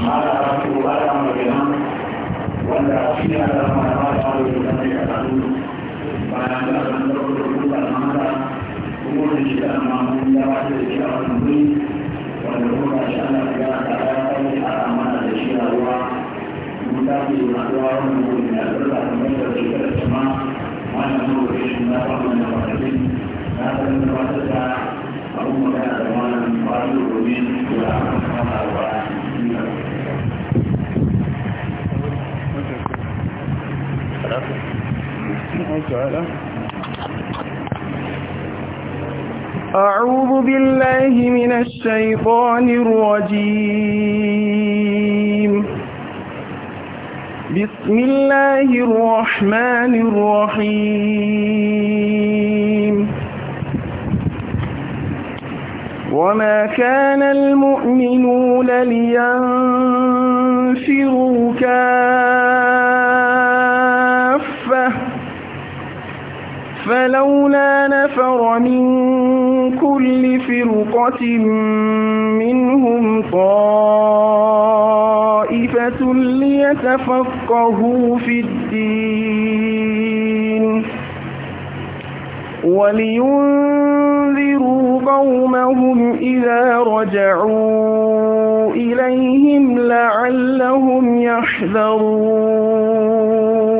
mala rafi ba da mu da nan wanda shi da da mu da ba da mu da ne da su ba da da da da da mu kuma da shi da mu mun da ba da shi a wannan wuri wanda kuma shi da ya da ya kai a amana da shi a ruwa mun da shi na ruwa mun da da da mun da shi da jama'a mana mu da shi na ba mu da ba da shi na da ba da أقوم بهذا وأنا من قبل ومن وأنا من أعوذ بالله من الشيطان الرجيم بسم الله الرحمن الرحيم وما كان المؤمنون لينفروا كافرين فلولا نفر من كل فرقة منهم طائفة ليتفقهوا في الدين ولينذروا قومهم إذا رجعوا إليهم لعلهم يحذرون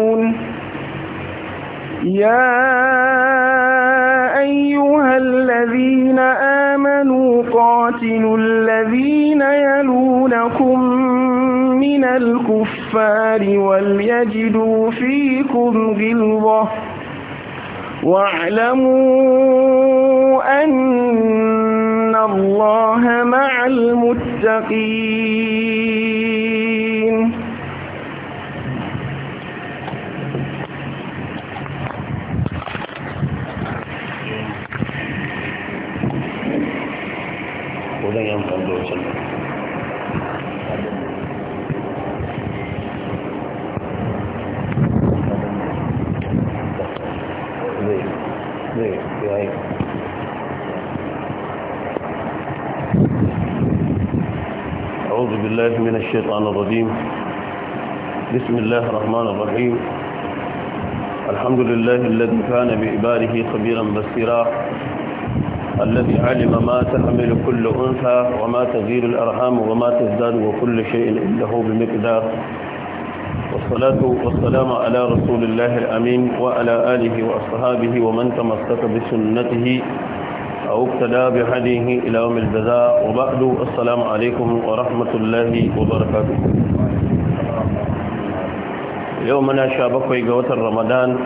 يا أيها الذين آمنوا قاتلوا الذين يلونكم من الكفار وليجدوا فيكم غلظة واعلموا أن الله مع المتقين أعوذ بالله من الشيطان الرجيم بسم الله الرحمن الرحيم الحمد لله الذي كان بإباره خبيرا بسيرا الذي علم ما تحمل كل أنثى وما تغير الأرحام وما تزداد وكل شيء عنده بمقدار والصلاة والسلام على رسول الله الأمين وعلى آله وأصحابه ومن تمسك بسنته أو اقتدى بهديه إلى يوم الجزاء وبعد السلام عليكم ورحمة الله وبركاته يومنا شابك ويقوة رمضان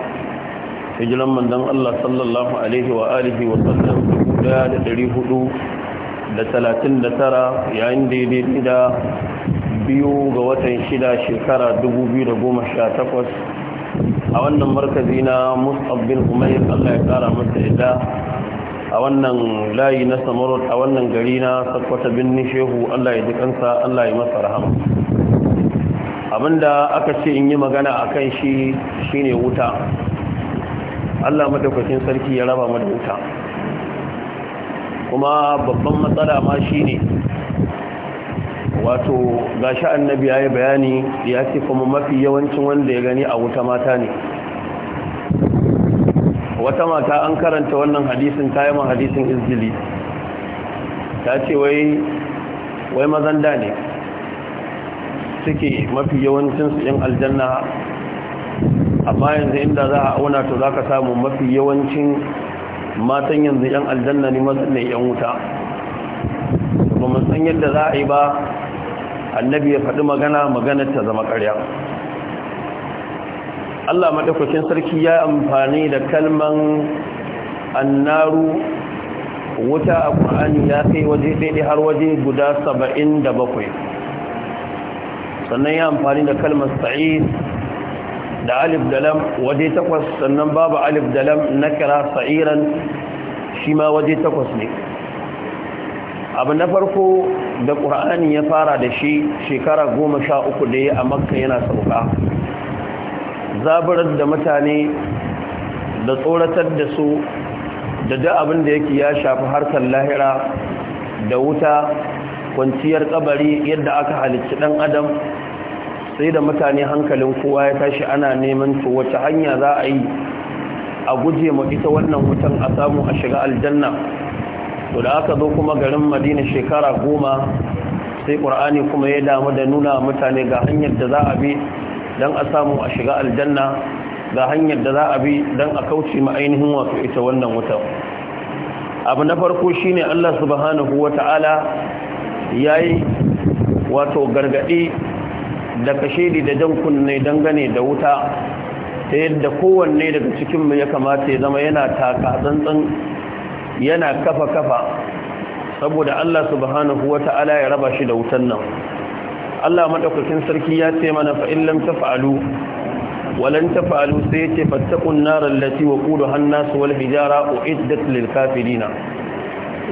hijiran mandan Allah sallallahu alaihi wa alihi wa sallam da 439 yayin da ya da biyu ga watan shida shekara 2018 a wannan markazi na musab bin Umar, Allah ya kara masa yadda a wannan layi na samarot a wannan gari na sakwata bin shehu Allah ya ji kansa Allah ya masa rahama abinda aka ce in yi magana a kan shi shine wuta Allah madaukakin sarki ya raba mu da wuta kuma babban matsala ma shine wato gashi annabi yayi bayani ya ce kuma mafi yawancin wanda ya gani a wuta mata ne wata mata an karanta wannan hadisin ta yi ma hadisin izgili ta ce wai wai mazanda ne suke mafi yawancinsu yan aljanna amma yanzu inda za a auna to za ka samu mafi yawancin matan yanzu 'yan aljanna ne masu 'yan wuta ba mun san yadda za a yi ba annabi ya faɗi magana maganar ta zama ƙarya Allah maɗaukakin sarki ya amfani da kalman annaru wuta a ƙwa'ani ya kai waje ɗaiɗe har waje guda saba'in da bakwai sannan ya amfani da kalmar sa'id da alif da lam waje takwas sannan babu alif da na kira sa'iran shi ma waje takwas ne abu na farko da ƙur'ani ya fara da shi shekara goma sha uku da ya a makka yana sauka zaburar da mutane da tsoratar da su da da abin da yake ya shafi harkar lahira da wuta kwanciyar kabari yadda aka halicci dan adam sai da mutane hankalin kowa ya tashi ana neman to wace hanya za a yi a guje ma ita wannan wutan a samu a shiga aljanna to da aka zo kuma garin madina shekara goma sai ƙur'ani kuma ya damu da nuna mutane ga hanyar da za a bi don a samu a shiga aljanna ga hanyar da za a bi don a kauce ma ainihin wasu ita wannan wutan abu na farko shine Allah subhanahu wata'ala yi wato gargaɗi da kashedi da jan kunne dangane da wuta ta yadda kowanne daga cikinmu ya kamata ya zama yana taka tsantsan yana kafa kafa saboda Allah subhanahu wata'ala ya raba shi da wutan nan Allah madaukakin sarki ya ce mana fa in lam taf'alu walan taf'alu sai yace fattaqun nar allati waquduha an-nas wal hijara uiddat lil kafirin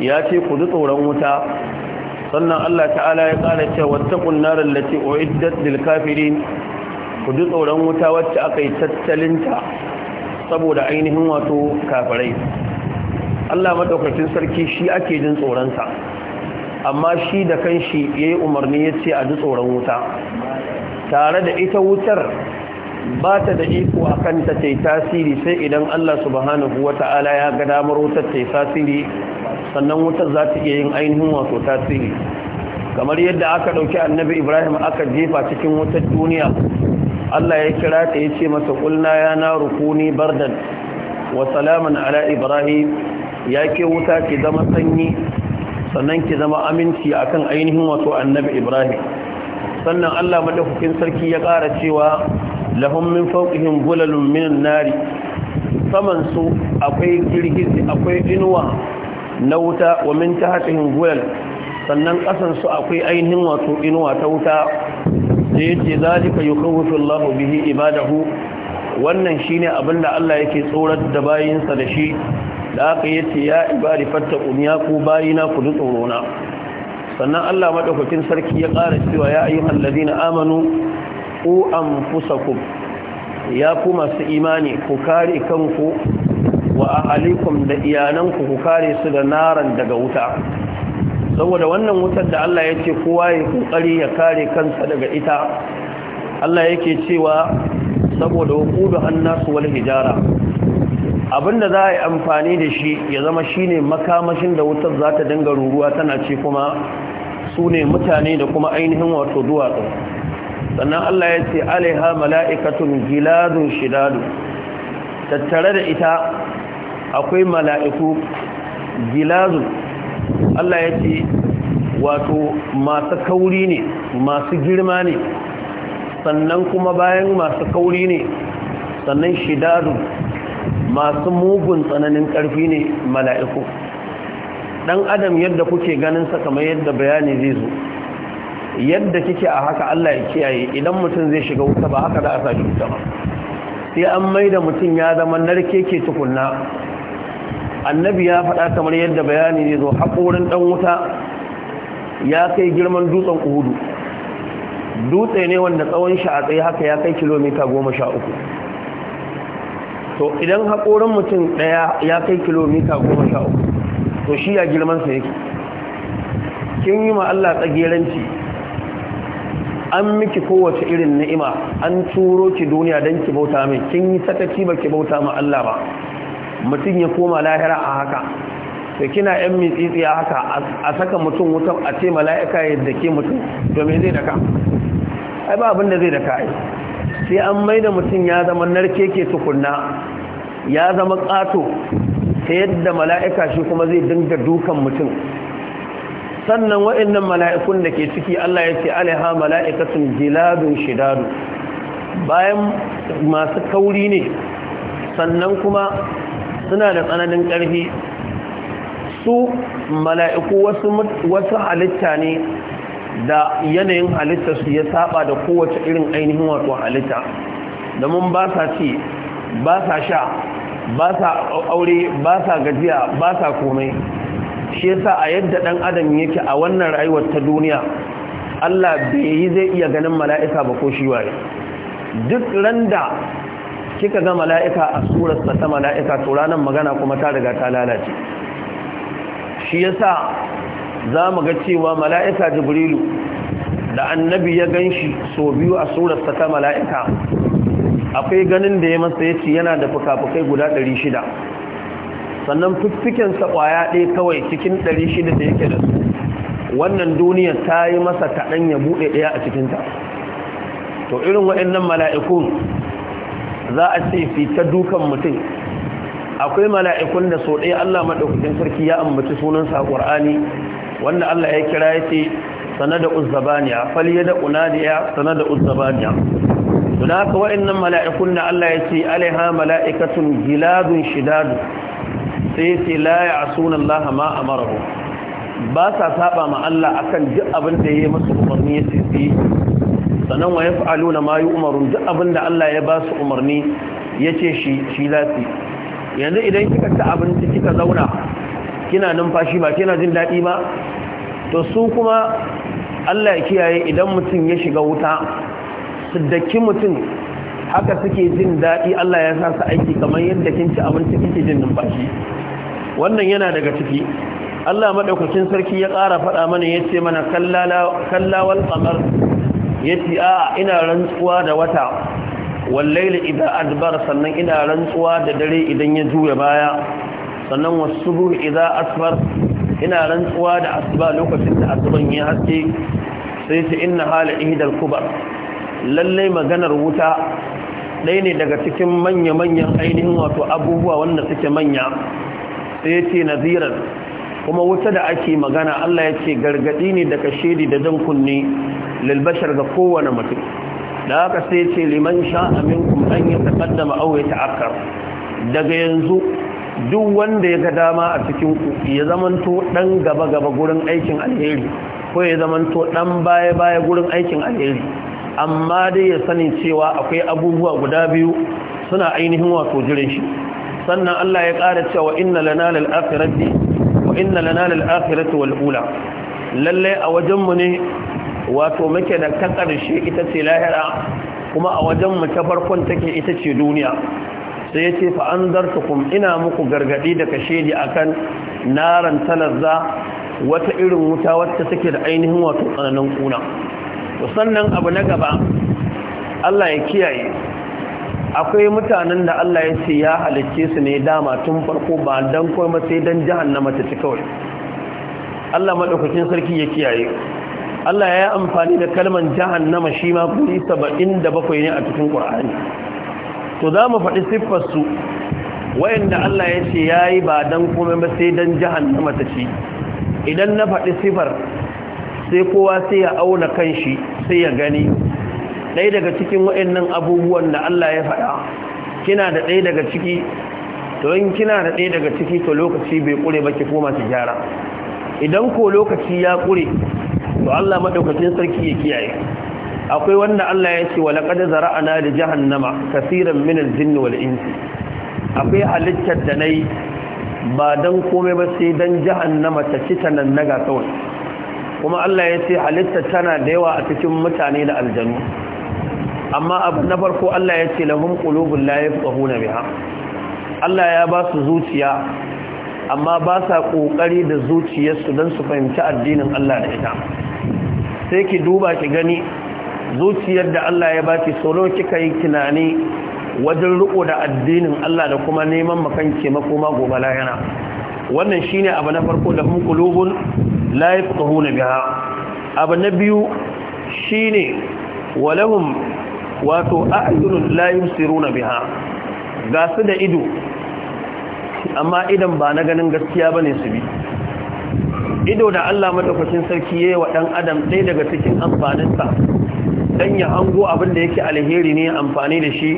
ya ce ku ji tsoron wuta sannan Allah ta'ala ya kara cewa wattaqun naral lati uiddat lil kafirin ku ji tsoron wuta wacce aka yi tattalinta saboda ainihin wato kafirai Allah madaukakin sarki shi ake jin tsoronsa amma shi da kanshi yayi umarni yace a ji tsoron wuta tare da ita wutar ba ta da iko a kanta ta tasiri sai idan Allah subhanahu wa ta'ala ya ga damar wutar ta tasiri sannan wutar za ta iya yin ainihin wato tasiri kamar yadda aka ɗauki annabi ibrahim aka jefa cikin wutar duniya Allah ya kira ta ya ce mata ƙulna ya na rukuni bardan wa salaman ala ibrahim ya ke wuta ki zama sanyi sannan ki zama aminci akan ainihin wato annabi ibrahim sannan Allah madaukakin sarki ya ƙara cewa lahum min fawqihim zulalun minan nari saman su akwai girgizi akwai inuwa na wuta wa min tahtihim zulal sannan kasan su akwai ainihin wato inuwa ta wuta da yace zalika yukhawwifu Allahu bihi ibadahu wannan shine abinda Allah yake tsorar da bayinsa da shi da aka yace ya ibadi fatta ya ko bayina ku tsorona sannan Allah madaukakin sarki ya ƙara cewa ya ayyuhal ladina amanu ku anfusakum ya ku masu imani ku kare kanku wa alikun da iyananku ku kare su da naran daga wuta saboda wannan wutar da Allah ya ce kowa ya kokari ya kare kansa daga ita Allah yake cewa saboda wuqudu annasu wal hijara abinda za a yi amfani da shi ya zama shine makamashin da wutar za ta dinga ruruwa tana ce kuma su ne mutane da kuma ainihin wato duwatsu sannan Allah ya ce alaiha mala'ikatun giladun shidadu tattare da ita akwai mala'iku gilazun Allah ya ce wato masu kauri ne masu girma ne sannan kuma bayan masu kauri ne sannan shidadu masu mugun tsananin karfi ne mala'iku ɗan adam yadda kuke ganin sa kamar yadda bayani zai zo yadda kike a haka Allah ya kiyaye idan mutum zai shiga wuta ba haka da a sashi wuta ba sai an mai da mutum ya zama narke ke tukunna annabi ya faɗa kamar yadda bayani ne zo haƙorin ɗan wuta ya kai girman dutsen uhudu dutse ne wanda tsawon shi a tsaye haka ya kai kilomita goma sha uku to idan haƙorin mutum ɗaya ya kai kilomita goma sha uku to shi ya girman girmansa yake kin yi ma Allah tsageranci an miki kowace irin ni'ima an turo ki duniya don ki bauta mai kin yi sakaci ba ki bauta ma Allah ba mutum ya koma lahira a haka da kina yan mitsitsi a haka a saka mutum wuta a ce mala'ika yadda ke mutum domin zai daka ai ba abin da zai daka ai sai an mai da mutum ya zama narke ke tukunna ya zama kato ta yadda mala'ika shi kuma zai dinga dukan mutum sannan wa'annan mala'ikun da ke ciki Allah ya ce alaiha mala'ikatun jilabin shidadu bayan masu kauri ne sannan kuma suna da tsananin ƙarfi su mala'iku wasu halitta ne da yanayin halitta su ya saba da kowace irin ainihin wato halitta domin ba sa ci ba sa sha ba sa aure ba sa gajiya ba sa komai shi yasa a yadda ɗan adam yake a wannan rayuwar ta duniya Allah bai yi zai iya ganin mala'ika ba ko shi waye duk randa kika ga mala'ika a surarsa ta mala'ika to ranar magana kuma ta riga ta lalace shi yasa za mu ga cewa mala'ika jibrilu da annabi ya gan shi so biyu a surarsa ta mala'ika akwai ganin da ya masa yace yana da fuka-fukai guda shida. sannan fiffikensa ƙwaya ɗaya kawai cikin ɗari shida da yake da su wannan duniya ta yi masa kaɗan ya buɗe ɗaya a cikinta to irin waɗannan mala'ikun za a ce fita dukan mutum akwai mala'ikun da so ɗaya Allah maɗaukakin sarki ya ambaci sunansa a ƙwar'ani wanda Allah ya kira ya ce sana da uzzabaniya faliye da unadiya sana da uzzabaniya don waɗannan mala'ikun da Allah ya ce alaiha mala'ikatun giladun shidadu sai yace la ya'suna Allah ma amaru ba sa saba ma Allah akan duk abin da yayi musu umarni yace su sanan wa yaf'aluna ma yu'marun duk abin da Allah ya ba su umarni yace shi shi lati yanzu idan kika ci abinci kika zauna kina numfashi ba kina jin dadi ba to su kuma Allah ya kiyaye idan mutum ya shiga wuta su mutum haka suke jin daɗi Allah ya sa su aiki kamar yadda kin ci abinci kike jin numfashi wannan yana daga ciki Allah madaukakin sarki ya ƙara faɗa mana yace mana kallawal qamar yace a ina rantsuwa da wata wallaili idan adbar sannan ina rantsuwa da dare idan ya juya baya sannan wasubu idan asfar ina rantsuwa da asuba lokacin da asuban ya haske sai ce inna hala ihdal kubar lalle maganar wuta ɗaya ne daga cikin manya-manyan ainihin wato abubuwa wanda suke manya sai ya ce naziran kuma wuta da ake magana Allah ya ce gargadi ne daga shedi da jan kunne lalbashar ga kowane mutum da haka sai ya ce liman sha aminkum an ya taqaddama aw ya daga yanzu duk wanda ya ga dama a cikin ku ya zamanto dan gaba gaba gurin aikin alheri ko ya zamanto dan baya baya gurin aikin alheri amma dai ya sani cewa akwai abubuwa guda biyu suna ainihin wato jirin shi sannan Allah ya ƙara cewa inna lana lil akhirati wa inna lana lil akhirati wal ula lalle a wajen mu ne wato muke da ta ƙarshe ita ce lahira kuma a wajen mu ta farkon take ita ce duniya sai yace fa anzartukum ina muku gargadi da kashe di akan naran talazza wata irin wuta wacce take da ainihin wato tsananin kuna to sannan abu na gaba Allah ya kiyaye akwai mutanen da Allah ya ce ya halicce su ne dama tun farko ba dan koma sai dan jahannama ta ci kawai Allah madaukakin sarki ya kiyaye Allah ya yi amfani da kalman jahannama shi ma guri 77 ne a cikin Qur'ani to za mu faɗi siffar su wayanda Allah ya ce yayi ba dan koma ba sai dan jahannama ta ci idan na faɗi siffar sai kowa sai ya auna kanshi sai ya gani ɗaya daga cikin waɗannan abubuwan da Allah ya faɗa kina da ɗaya daga ciki to in kina da ɗaya daga ciki to lokaci bai ƙure ba ki koma ki gyara idan ko lokaci ya ƙure to Allah maɗaukacin sarki ya kiyaye akwai wanda Allah ya ce wa laqad zara'ana da jahannama nama min al jini wal insi akwai halittar da nayi ba dan komai ba sai dan jahannama ta ci ta nan naga kawai kuma Allah ya ce halittar tana da yawa a cikin mutane da aljanu amma na farko Allah ya ce lahum qulubul la yafqahuna biha Allah ya ba su zuciya amma ba sa kokari da zuciyarsu dan su fahimci addinin Allah da ita sai ki duba ki gani zuciyar da Allah ya baki solo kika yi tunani wajen riko da addinin Allah da kuma neman makanki makoma gobe lahira wannan shine abu na farko da hum la yafqahuna biha abu na biyu shine walahum wato layin siru na biha ga su da ido amma idan ba na ganin gaskiya ba ne su bi ido da Allah madaukakin sarki ya yi wa ɗan adam ɗaya daga cikin amfaninsa dan ya hango abin da yake alheri ne amfani da shi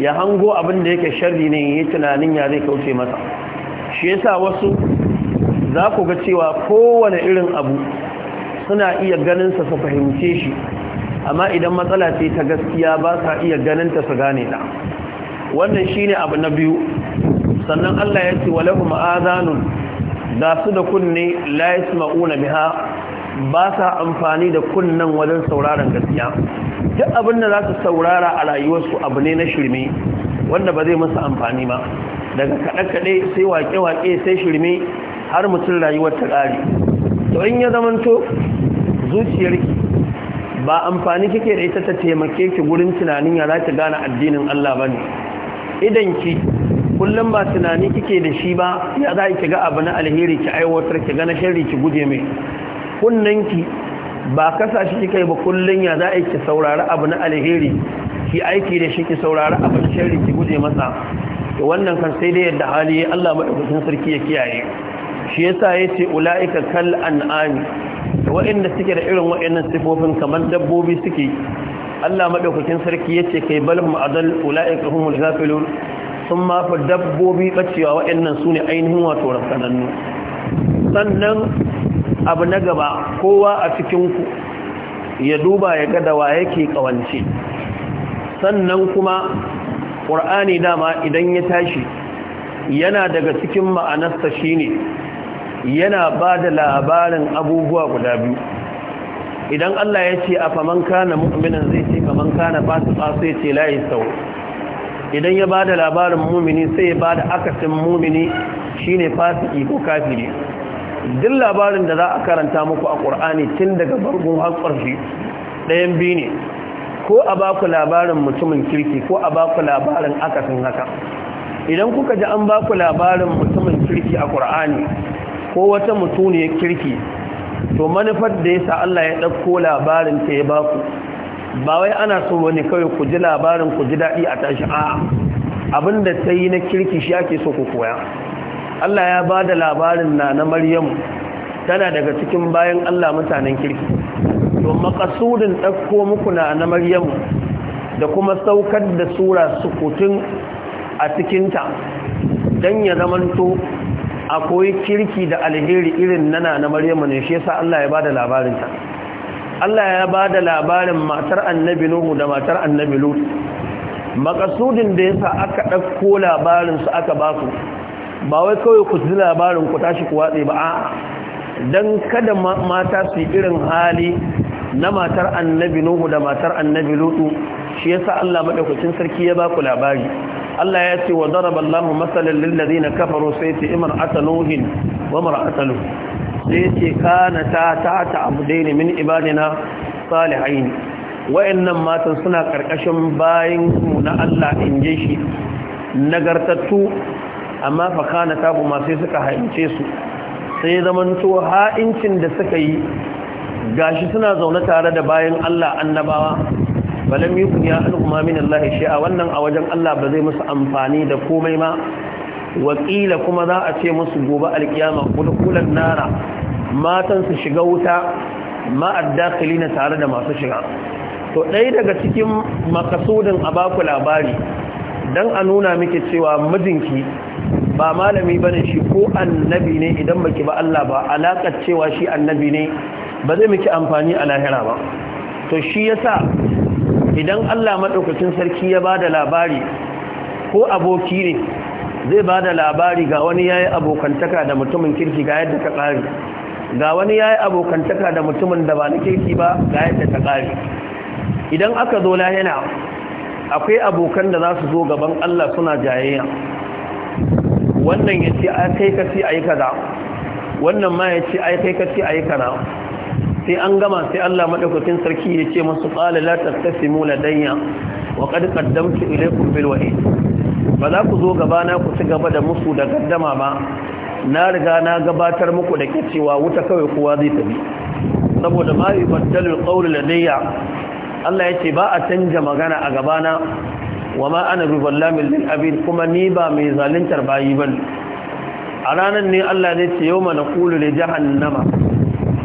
ya hango abin da yake sharri ne yi tunanin ya zai kauce masa shi yasa wasu za ku ga cewa kowane irin abu suna iya ganinsa su fahimce shi amma idan matsala ce ta gaskiya ba sa iya ganin ta su gane ta wannan shine abu na biyu sannan Allah ya ce walahu ma'azanun da su da kunne la yasma'una biha ba sa amfani da kunnan wajen sauraron gaskiya duk abin da za su saurara a rayuwarsu abu ne na shirme wanda ba zai masa amfani ba daga kaɗe-kaɗe sai waƙe-waƙe sai shirme har mutum rayuwar ta ƙari to in ya zamanto zuciyarki ba amfani kike da ita ta taimake ki gurin tunanin ya za ki gane addinin Allah bane idan ki kullum ba tunani kike da shi ba ya za ki ga abu na alheri ki aiwatar ki gane sharri ki guje mai kunnan ki ba kasa shi kike ba kullun ya za ki saurari abu na alheri ki aiki da shi ki saurari abu na sharri ki guje masa to wannan kan sai dai yadda hali Allah madaukakin sarki ya kiyaye shi yasa yace ulaika kal an'ami wa'inda suke da irin wa'annan sifofin kamar dabbobi suke Allah madaukakin sarki yace kai bal adal ulaika humul ghafilun sun fa dabbobi bacewa wa'annan sune ainihin wato rasanannu sannan abu na gaba kowa a cikin ku ya duba ya ga da wa yake kawance sannan kuma ƙur'ani dama idan ya tashi yana daga cikin ma'anarsa shine yana ba da labarin abubuwa guda biyu idan Allah ya ce a faman kana mu'minan zai ce faman kana fasika ya ce layi sau idan ya ba da labarin mumini sai ya ba da akasin mumini shine fasiki ko kafiri duk labarin da za a karanta muku a ƙur'ani tun daga bargun har ɗayan biyu ne ko a ba ku labarin mutumin kirki ko a ba ku labarin akasin haka idan kuka ji an ba ku labarin mutumin kirki a ƙur'ani ko wata mutuniyar kirki to manufar da yasa Allah ya ɗauko labarin ta ya ba ku ba wai ana so wani kawai ku ji labarin ku ji daɗi a tashi a abinda ta yi na kirki shi ake so ku koya Allah ya ba da labarin na na Maryam tana daga cikin bayan Allah mutanen kirki to makasudin ɗauko muku na na Maryam da kuma saukar da sura sukutun a cikinta don ya zamanto akwai kirki da alheri irin nana na maryamu ne shi yasa Allah ya bada labarin ta Allah ya bada labarin matar annabi nuhu da matar annabi lut makasudin da yasa aka dauko labarin su aka ba su ba wai kawai ku ji labarin ku tashi ku watse ba a'a dan kada mata su irin hali na matar annabi nuhu da matar annabi lutu shi yasa Allah madaukakin sarki ya ba ku labari Allah ya ce wa daraba Allah masalan lil na kafaru sai ce imar nuhin wa imra'atu lut sai ce kana ta ta ta abdaini min ibadina salihin wayannan matan suna karkashin bayin mu na Allah inje shi nagartattu amma fa kana ta kuma sai suka haince su sai zamantu ha'incin da suka yi gashi suna zaune tare da bayan Allah annabawa balam yukun ya al'umma min Allah shi'a wannan a wajen Allah ba zai musu amfani da komai ma wakila kuma za a ce musu gobe alkiyama kulkulan nara matan su shiga wuta ma addakili na tare da masu shiga to dai daga cikin makasudin a baku labari dan a nuna miki cewa mijinki ba malami bane shi ko annabi ne idan baki ba Allah ba alakar cewa shi annabi ne ba zai miki amfani a lahira ba to shi yasa idan Allah maɗaukacin sarki ya ba da labari ko aboki ne zai ba da labari ga wani ya yi abokantaka da mutumin kirki ga yadda ta ƙari ga wani ya yi abokantaka da mutumin da ba na kirki ba ga yadda ta ƙari idan aka zo lahina akwai abokan da za su zo gaban Allah suna jayayya wannan ya ce ai kai ka a yi kaza wannan ma ya ce ai kai ka a yi kaza sai an gama sai Allah madaukakin sarki ya ce masu qala la tastasimu ladayya wa qad qaddamtu ilaykum bil wa'id ba za ku zo gaba na ku ci gaba da musu da gaddama ba na riga na gabatar muku da ke cewa wuta kawai kowa zai tafi saboda ma yi al qawl ladayya Allah yace ba a canja magana a gabana wa ma ana biballamin lil abid kuma ni ba mai zaluntar bayi bane a ranar ne Allah ya ce yawma mana kulu da jahannama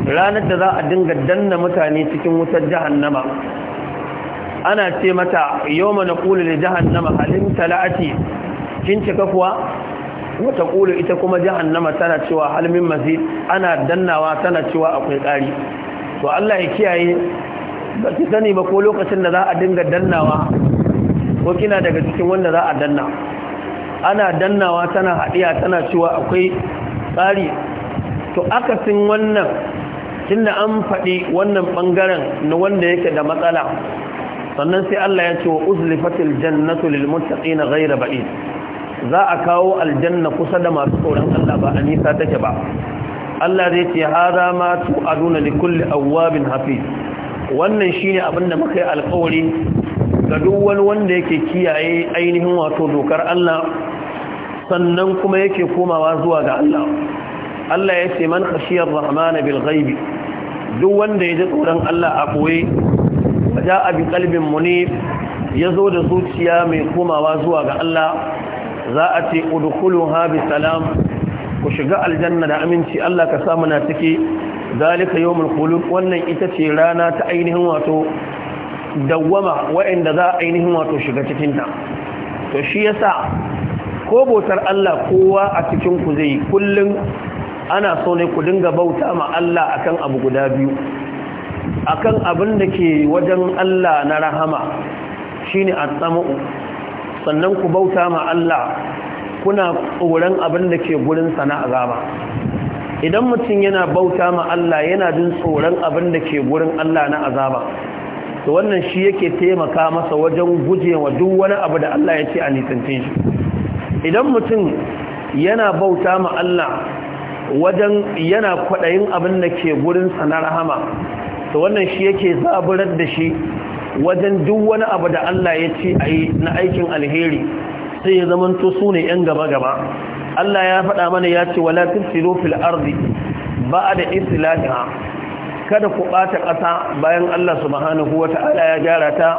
ranar da za a dinga danna mutane cikin wutar jahannama ana ce mata yau mana kula da jahannama halin tala'ati kin cika kuwa wata kula ita kuma jahannama tana cewa halmin mazid ana dannawa tana cewa akwai ƙari to Allah ya kiyaye ba ki sani ba ko lokacin da za a dinga dannawa ko kina daga cikin wanda za a danna ana dannawa tana haɗiya tana cewa akwai tsari to akasin wannan tunda an faɗi wannan ɓangaren na wanda yake da matsala sannan sai Allah ya ce wa uzlifatil jannatu lil muttaqina ghayra ba'id za a kawo aljanna kusa da masu tsoron Allah ba a nisa take ba Allah zai ce hada ma tu aduna li kulli awwabin hafiz wannan shine abin da muka yi alƙawari ga duk wani wanda yake kiyaye ainihin wato dokar Allah sannan kuma yake komawa zuwa ga Allah Allah ya ce man khashiyar rahmana bil ghaibi duk wanda ya ji tsoron Allah a koye waja abi kalbin ne ya zo da zuciya mai komawa zuwa ga Allah za a ce udkhuluha bi salam ku shiga aljanna da aminci Allah ka sa muna ciki zalika yawmul khulud wannan ita ce rana ta ainihin wato dawwama wa'inda za ainihin wato shiga cikin ta to shi yasa ko bautar Allah kowa a cikin ku zai kullun ana so ne ku dinga bauta ma Allah akan abu guda biyu akan abin da ke wajen Allah na rahama shine at sannan ku bauta ma Allah kuna tsoron abin da ke gurin sana azaba idan mutum yana bauta ma Allah yana jin tsoron abin da ke gurin Allah na azaba to wannan shi yake taimaka masa wajen gujewa duk wani abu da Allah ya ce a nisance shi idan mutum yana bauta ma Allah wajen yana kwaɗayin abin da ke gurinsa na rahama Da wannan shi yake zaburar da shi wajen duk wani abu da Allah ya ci a yi na aikin alheri sai ya zamanto su ne 'yan gaba-gaba Allah ya faɗa mana ya ce wala tufsiru fil ardi ba da islahiha kada ku ɓata ƙasa bayan Allah subhanahu wata'ala ya gyara ta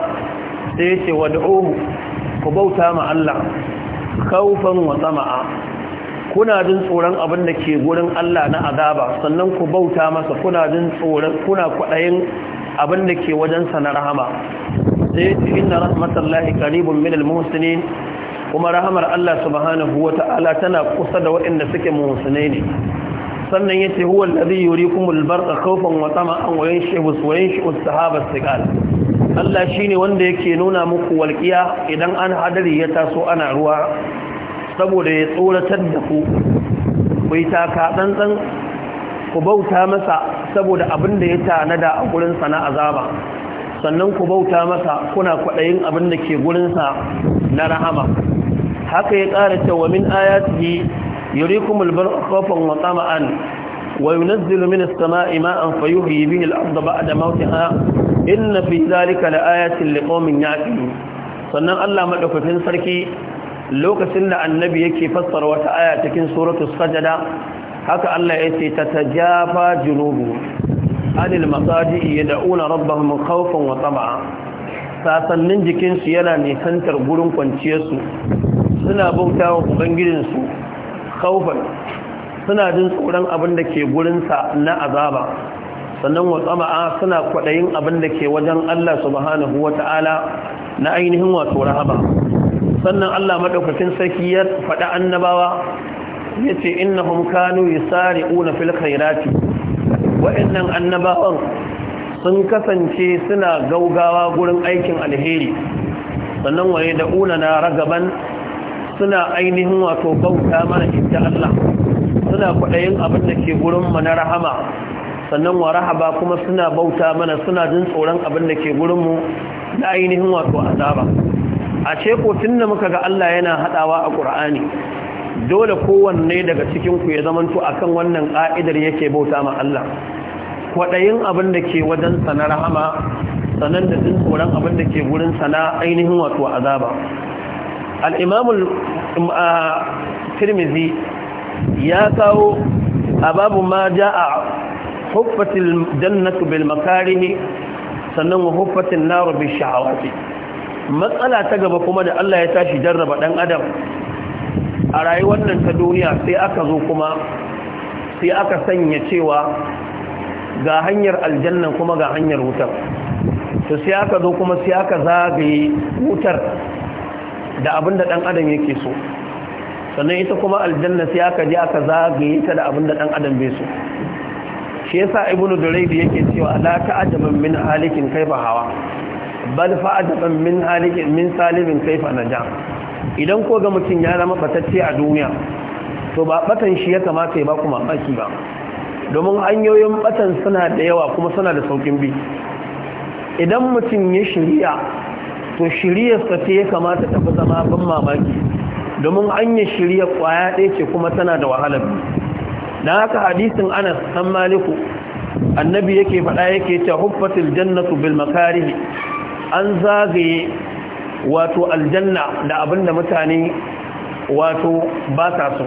sai ya ce wad'uhu ku bauta ma Allah khawfan wa tama'a kuna jin tsoron abin da ke gurin Allah na azaba sannan ku bauta masa kuna jin tsoron kuna kwadayin abin da ke wajensa na rahama sai inna rahmatullahi qaribun minal muhsinin kuma rahamar Allah subhanahu wata'ala tana kusa da waɗanda suke muhsinai ne sannan yace huwa allazi yurikumul barqa khawfan wa tama'an wa yanshibu wa yanshibu as Allah shine wanda yake nuna muku walqiya idan an hadari ya taso ana ruwa saboda ya tsoratar da ku ku yi taka tsantsan ku bauta masa saboda abin da ya tanada a gurinsa na azaba sannan ku bauta masa kuna kwaɗayin abin da ke gurinsa na rahama haka ya ƙara cewa min ayatihi yurikumul barqa khawfan wa tama'an wa yunazzilu minas sama'i ma'an fayuhyi bihi al-ardha ba'da In na fi dhalika la'ayatin liqaumin yaqilun sannan Allah madaukakin sarki lokacin da annabi yake fassara wata aya cikin suratul sajada haka Allah ya ce tatajafa junubu anil masaji yad'una rabbahum khawfan wa tam'a sasannin jikin su yana nisantar gurin kwanciyar su suna bautawa ubangijin su khawfan suna jin tsoron abin da ke gurin sa na azaba sannan wa tam'a suna kwadayin abin da ke wajen Allah subhanahu wata'ala na ainihin wato rahama sannan Allah madaukakin sarki ya faɗa annabawa yace innahum kanu yusari'una fil khairati wa'annan annabawan sun kasance suna gaugawa gurin aikin alheri sannan waye da una na ragaban suna ainihin wato bauta mana inda Allah suna kwaɗayin abin da ke gurin mu na rahama sannan wa rahaba kuma suna bauta mana suna jin tsoron abin da ke gurinmu na ainihin wato azaba a ce ko da muka ga Allah yana hadawa a Qur'ani dole kowanne daga cikin ku ya zamanto akan wannan ka'idar yake bauta ma Allah kwadayin abin da ke wajen sanar rahama sanan da din tsoron abin da ke gurin sana ainihin wato azaba al-imam um, al-tirmidhi ya kawo ababu ma jaa huffatil jannatu bil makarihi sannan huffatin naru bil shahawati matsala ta gaba kuma da Allah ya tashi jarraba dan adam a rayuwar nan ta duniya sai aka zo kuma sai aka sanya cewa ga hanyar aljanna kuma ga hanyar wutar to sai aka zo kuma sai aka zagaye wutar da abin da dan adam yake so sannan ita kuma aljanna sai aka je aka zagaye ta da abin da dan adam bai so shi yasa ibnu durayd yake cewa la ta'jaban min halikin kaifa hawa bal fa'adatan min halikin min salimin kaifa naja idan ko ga mutum ya zama batacce a duniya to ba batan shi ya kamata ya ba kuma ba domin hanyoyin batan suna da yawa kuma suna da saukin bi idan mutum ya shirya to shiryarsa ce ya kamata ta fi zama ban mamaki domin hanyar shirya kwaya ɗaya ce kuma tana da wahalar na haka hadisin anas san maliku annabi yake faɗa yake ta huffatil jannatu bil makarihi an zagaye wato aljanna da abinda mutane wato ba sa so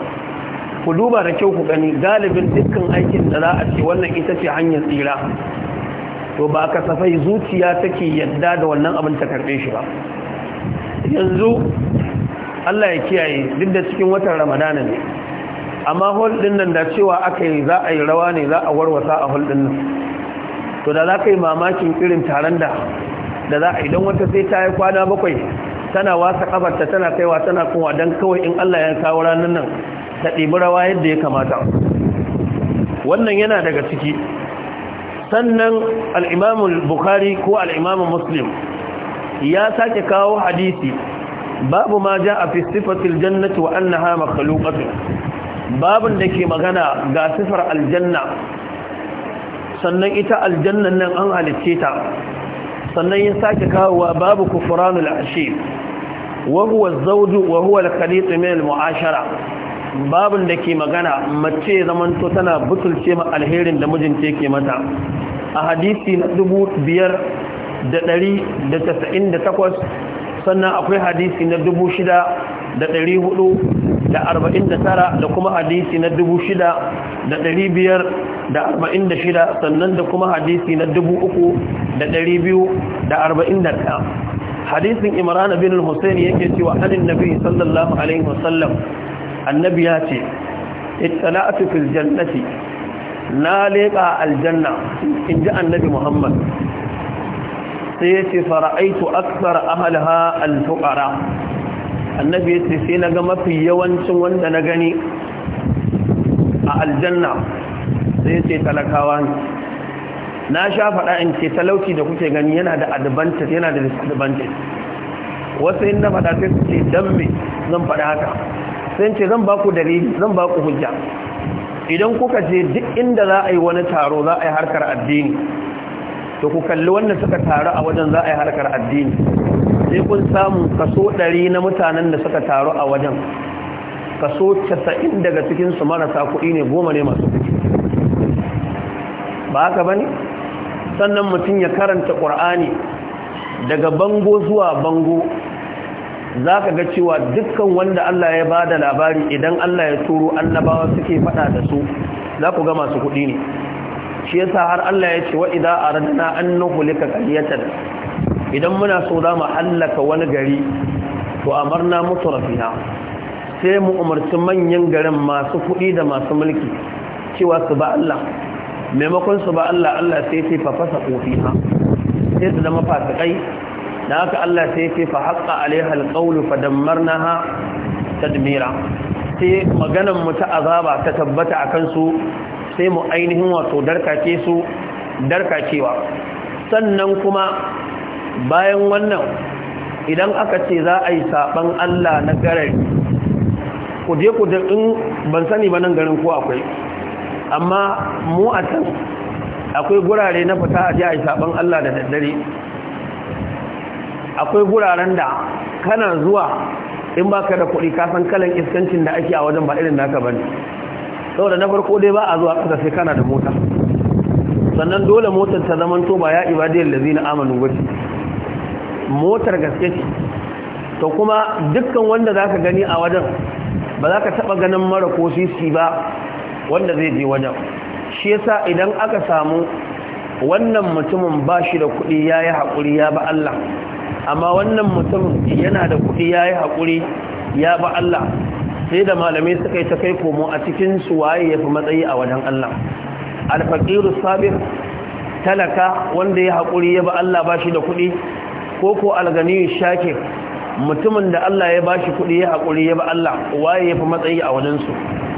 ku duba da kyau ku gani galibin dukkan aikin da za a ce wannan ita ce hanyar tsira to ba kasafai zuciya take yadda da wannan abin ta karbe shi ba yanzu Allah ya kiyaye duk da cikin watan ramadana ne amma hulɗin nan da cewa aka yi za a yi rawa ne za a warwasa a hulɗin nan to da za ka yi mamakin irin taron da da za a idan wata sai ta yi kwana bakwai tana wasa kafarta tana kaiwa tana kowa don kawai in Allah ya kawo ranar nan ta ɗibi rawa yadda ya kamata wannan yana daga ciki sannan al'imamun Bukhari ko al'imamun muslim ya sake kawo hadisi babu ma ja a fistifatil jannati wa annaha kalubatu Babin da ke magana ga sifar aljanna sannan ita aljannan nan an halicce ta sannan ya sake kawowa babu kufranul ashir wa huwa zawju wa huwa al-khalit min al-mu'ashara babun da ke magana mace zamanto tana butulce ma alherin da mijinta yake mata a hadisi na da 198 sannan akwai hadisi na dubu shida. da ɗari hudu da arba'in da tara da kuma hadisi na dubu shida da ɗari biyar da arba'in da shida sannan da kuma hadisi na dubu uku da ɗari biyu da arba'in da ɗaya hadisin imran bin hussein yake cewa hadin nabi sallallahu alaihi wasallam annabi ya ce ittala'atu fil jannati na leƙa aljanna in ji annabi muhammad sai ya ce fara'aitu aksar ahalaha alfuƙara annabi ya ce sai na ga mafi yawancin wanda na gani a aljanna sai ce talakawa ne na sha faɗa in ce talauci da kuke gani yana da advantage yana da disadvantage wasu yin na faɗa sai su ce don me zan faɗa haka sai ce zan ba ku dalili zan ba ku hujja idan kuka je duk inda za a yi wani taro za a yi harkar addini to ku kalli wanda suka taru a wajen za a yi harkar addini sai kun samu kaso ɗari na mutanen da suka taru a wajen kaso casa'in daga cikinsu marasa kuɗi ne goma ne masu kuɗi ba haka ba ne sannan mutum ya karanta ƙur'ani daga bango zuwa bango za ka ga cewa dukkan wanda Allah ya ba da labari idan Allah ya turo annabawa suke faɗa da su za ku ga masu kuɗi ne shi yasa har Allah ya ce wa a rana an nuhlika qaryatan idan muna so za mu hallaka wani gari to amarna mutu rafina sai mu umarci manyan garin masu kuɗi da masu mulki cewa su ba Allah maimakon su ba Allah Allah sai ce fa fasa ha. sai su zama fasikai da haka Allah sai ce fa haƙa alaiha alƙawlu fa ha tadmira sai maganan mu ta azaba ta tabbata a kansu. sai mu ainihin wato darkace su darkacewa sannan kuma bayan wannan idan aka ce za a yi saɓan Allah na garari ku je in ban sani ba nan garin ko akwai amma mu a can akwai gurare na fita a je a yi saɓan Allah da daddare akwai guraren da kana zuwa in ba ka da kuɗi kasan kalan iskancin da ake a wajen ba irin naka ba ne saboda na farko dai ba a zuwa kasa sai kana da mota sannan dole motar ta zaman to ba ya ibadiyar da zina amanu gwaci motar gaske ce to kuma dukkan wanda za ka gani a wajen ba za ka taɓa ganin mara ko sisi ba wanda zai je wajen shi yasa idan aka samu wannan mutumin ba shi da kuɗi ya yi haƙuri ya ba Allah amma wannan mutum yana da kuɗi ya yi haƙuri ya ba Allah sai da malamai suka yi ta kai komo a cikin su waye ya fi matsayi a wajen Allah alfaƙiru sabir talaka wanda ya haƙuri ya ba Allah ba shi da kuɗi ko ko algani shake, mutumin da Allah ya bashi kuɗi ya haƙuri ya ba Allah waye ya fi matsayi a wajensu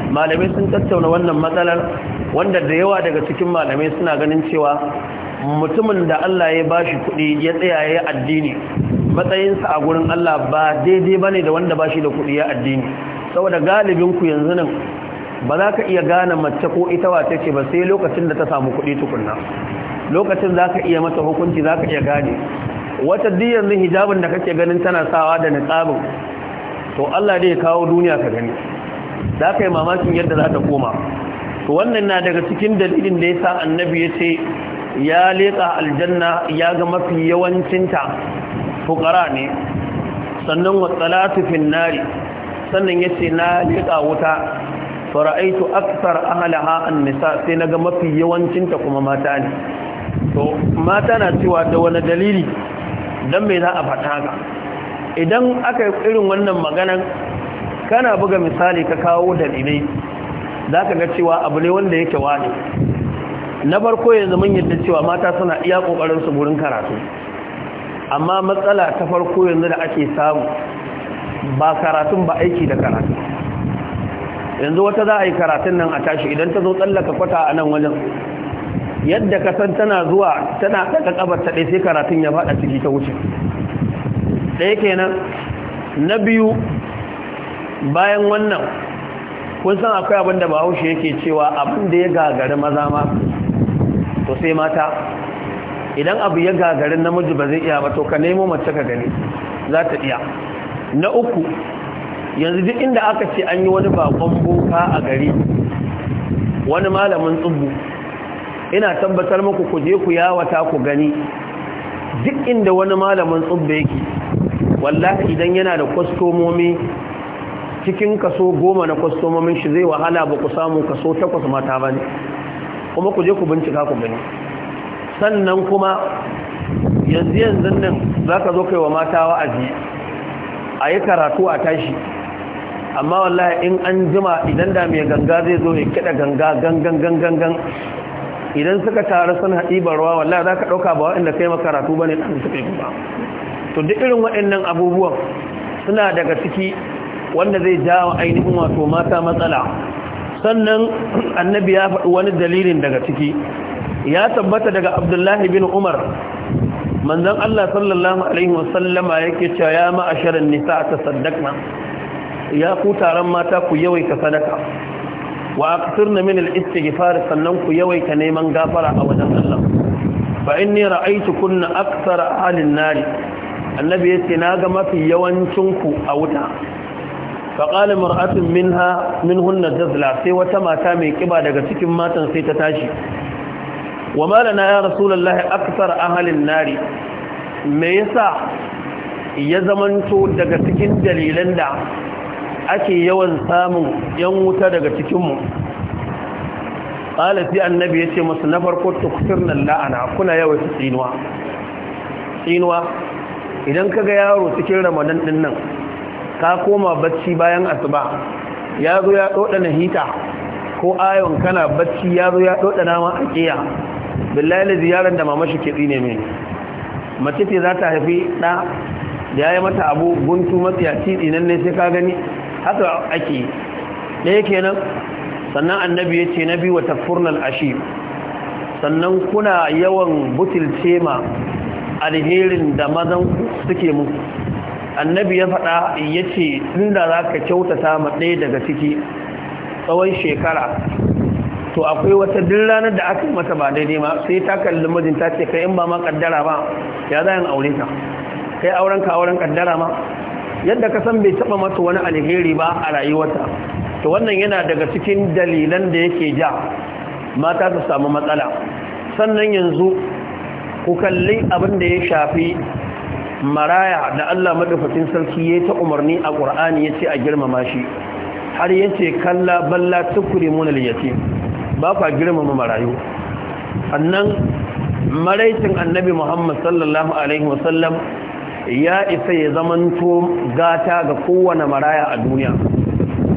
malamai sun tattauna wannan matsalar wanda da yawa daga cikin malamai suna ganin cewa mutumin da Allah ya bashi kuɗi ya tsaya ya addini matsayinsa a gurin Allah ba daidai bane da wanda bashi da kuɗi ya addini saboda galibin ku yanzu nan ba za ka iya gane mace ko ita wace ce ba sai lokacin da ta samu kuɗi tukunna lokacin za ka iya mata hukunci za ka iya gane wata diyar zai hijabin da kake ganin tana sawa da niqabin to Allah dai ya kawo duniya ka gani Za ka yi mamakin yadda za ta koma to wannan na daga cikin dalilin da yasa annabi ya ce ya leƙa aljanna ya ga mafi yawancinta fukara ne sannan watsalatu finnari sannan ya ce na leƙa wuta fara'aitu aksar ahalaha an nisa sai na ga mafi yawancinta kuma mata ne to mata na cewa da wani dalili don mai za a faɗa haka idan aka yi irin wannan maganan kana buga misali ka kawo dalilai za ka ga cewa abu ne wanda yake wani na farko yanzu mun yadda cewa mata suna iya ƙoƙarinsu gurin karatu amma matsala ta farko yanzu da ake samu ba karatun ba aiki da karatu yanzu wata za a yi karatun nan a tashi idan ta zo tsallaka kwata a nan wajen yadda ka san tana zuwa tana daga kabar ta dai sai karatun ya faɗa ciki ta wuce ɗaya kenan na biyu bayan wannan kun san akwai abin da bahaushe yake cewa abin da ya gagari maza ma to sai mata idan abu ya gagarin namiji ba zai iya ba to ka nemo mace ka gani za ta iya na uku yanzu duk inda aka ce an yi wani bakon boka a gari wani malamin tsubu ina tabbatar muku ku je ku yawata ku gani duk inda wani malamin tsubba yake wallahi idan yana da kwastomomi cikin kaso goma na kwastomomin shi zai wahala ba ku samu kaso takwas mata ba ne kuma ku je ku bincika ku gani sannan kuma yanzu yanzu nan za ka zo kai wa mata wa'azi a yi karatu a tashi amma wallahi in an jima idan da mai ganga zai zo ya kiɗa ganga gangan gangan idan suka taru sun haɗi barwa wallah za ka ɗauka ba waɗanda kai makaratu ba ne ɗan suke ba to duk irin waɗannan abubuwan suna daga ciki wanda zai jawo ainihin wato mata matsala sannan annabi ya faɗi wani dalilin daga ciki ya tabbata daga abdullahi bin umar manzon Allah sallallahu alaihi wasallama yake cewa ya ma'asharan nisa ta saddaqna ya ku taron mata ku yawaita sadaka wa aktirna min al-istighfar sannan ku yawai ka neman gafara a wajen Allah fa inni kunna akthar ahlin nar annabi yace ga mafi yawancin ku a wuta fa qala mar'atun minha minhunna jazla sai wata mata mai kiba daga cikin matan sai ta tashi wa malana ya rasulullahi akthar ahlin nar me yasa ya zamanto daga cikin dalilan da ake yawan samun yan wuta daga cikinmu ƙalafi annabi ya ce masu na farko tukusir nan la'ana kuna yawai su tsinuwa tsinuwa idan kaga yaro cikin ramadan ɗin nan ka koma bacci bayan asuba ya zo ya ɗoɗana hita ko ayon kana bacci ya zo ya ɗoɗana ma a ƙiya billahi ziyarar da mamashi ke tsine mai mace ce za ta haifi ɗa da ya yi mata abu guntu matsiyaci tsinan ne sai ka gani haka ake ɗaya kenan sannan annabi ya ce na biyu wata furnal ashi sannan kuna yawan butilce ma alherin da mazan suke mu annabi ya faɗa ya ce inda za ka kyautata ma ɗaya daga ciki tsawon shekara to akwai wata duk ranar da aka mata ba daidai ma sai ta kalli mijin ta ce kai in ba ma kaddara ba ya za yin aure ka kai auren ka auren kaddara ma yadda ka san bai taba masa wani alheri ba a rayuwarta to wannan yana daga cikin dalilan da yake ja mata su samu matsala sannan yanzu ku kalli abin da ya shafi maraya da Allah madafacin sarki ya ta umarni a ƙur'ani yace a girmama shi har yace kalla balla tukuri munal yatim ba kwa girmama marayu annan maraitin annabi muhammad sallallahu alaihi wasallam ya isa ya zamanto gata ga kowane maraya a duniya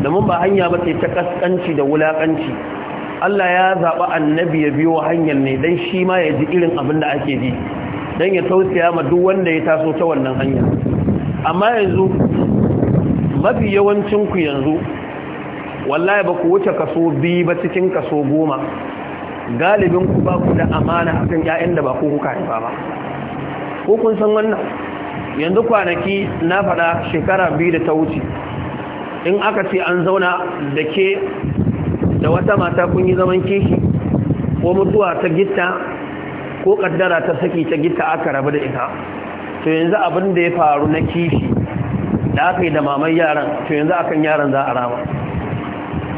domin ba hanya ba ce ta kaskanci da wulakanci Allah ya zaɓi annabi ya biyo hanyar ne don shi ma ya ji irin abin da ake ji don ya tausaya ma duk wanda ya taso ta wannan hanya amma yanzu mafi yawancinku yanzu wallahi ba ku wuce kaso biyu ba cikin kaso goma galibin ku ba ku da amana akan 'ya'yan da ba ku kuka haifa ba ko kun san wannan yanzu kwanaki na faɗa shekara biyu da ta wuce in aka ce an zauna da ke da wata mata kun yi zaman kishi ko mutuwa ta gitta ko kaddara ta saki ta gitta aka rabu da ita to yanzu abin da ya faru na kishi da aka yi da maman yaran to yanzu akan yaran za a rama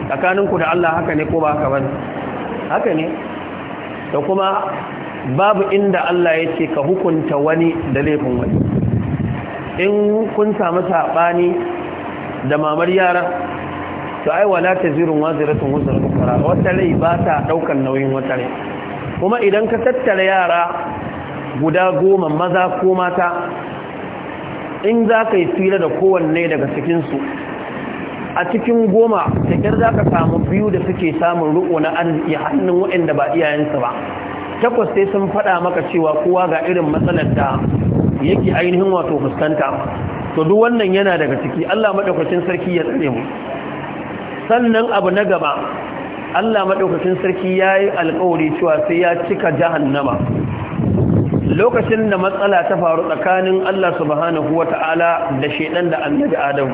tsakaninku da Allah haka ne ko ba haka bane haka ne da kuma babu inda Allah ya ce ka hukunta wani da laifin wani in kun samu saɓani da mamar yara to ai wala tazirin waziratun wuzar ukra wata rai ba ta daukan nauyin wata rai kuma idan ka tattara yara guda goma maza ko mata in za ka yi fira da kowanne daga cikinsu a cikin goma da za ka samu biyu da suke samun riko na arziki hannun waɗanda ba iyayensu ba takwas sai sun faɗa maka cewa kowa ga irin matsalar da yake ainihin wato fuskanta to duk wannan yana daga ciki Allah madaukakin sarki ya tsare mu sannan abu na gaba Allah madaukakin sarki yayi alƙawari cewa sai ya cika jahannama lokacin da matsala ta faru tsakanin Allah subhanahu wata'ala da shedan da annabi Adam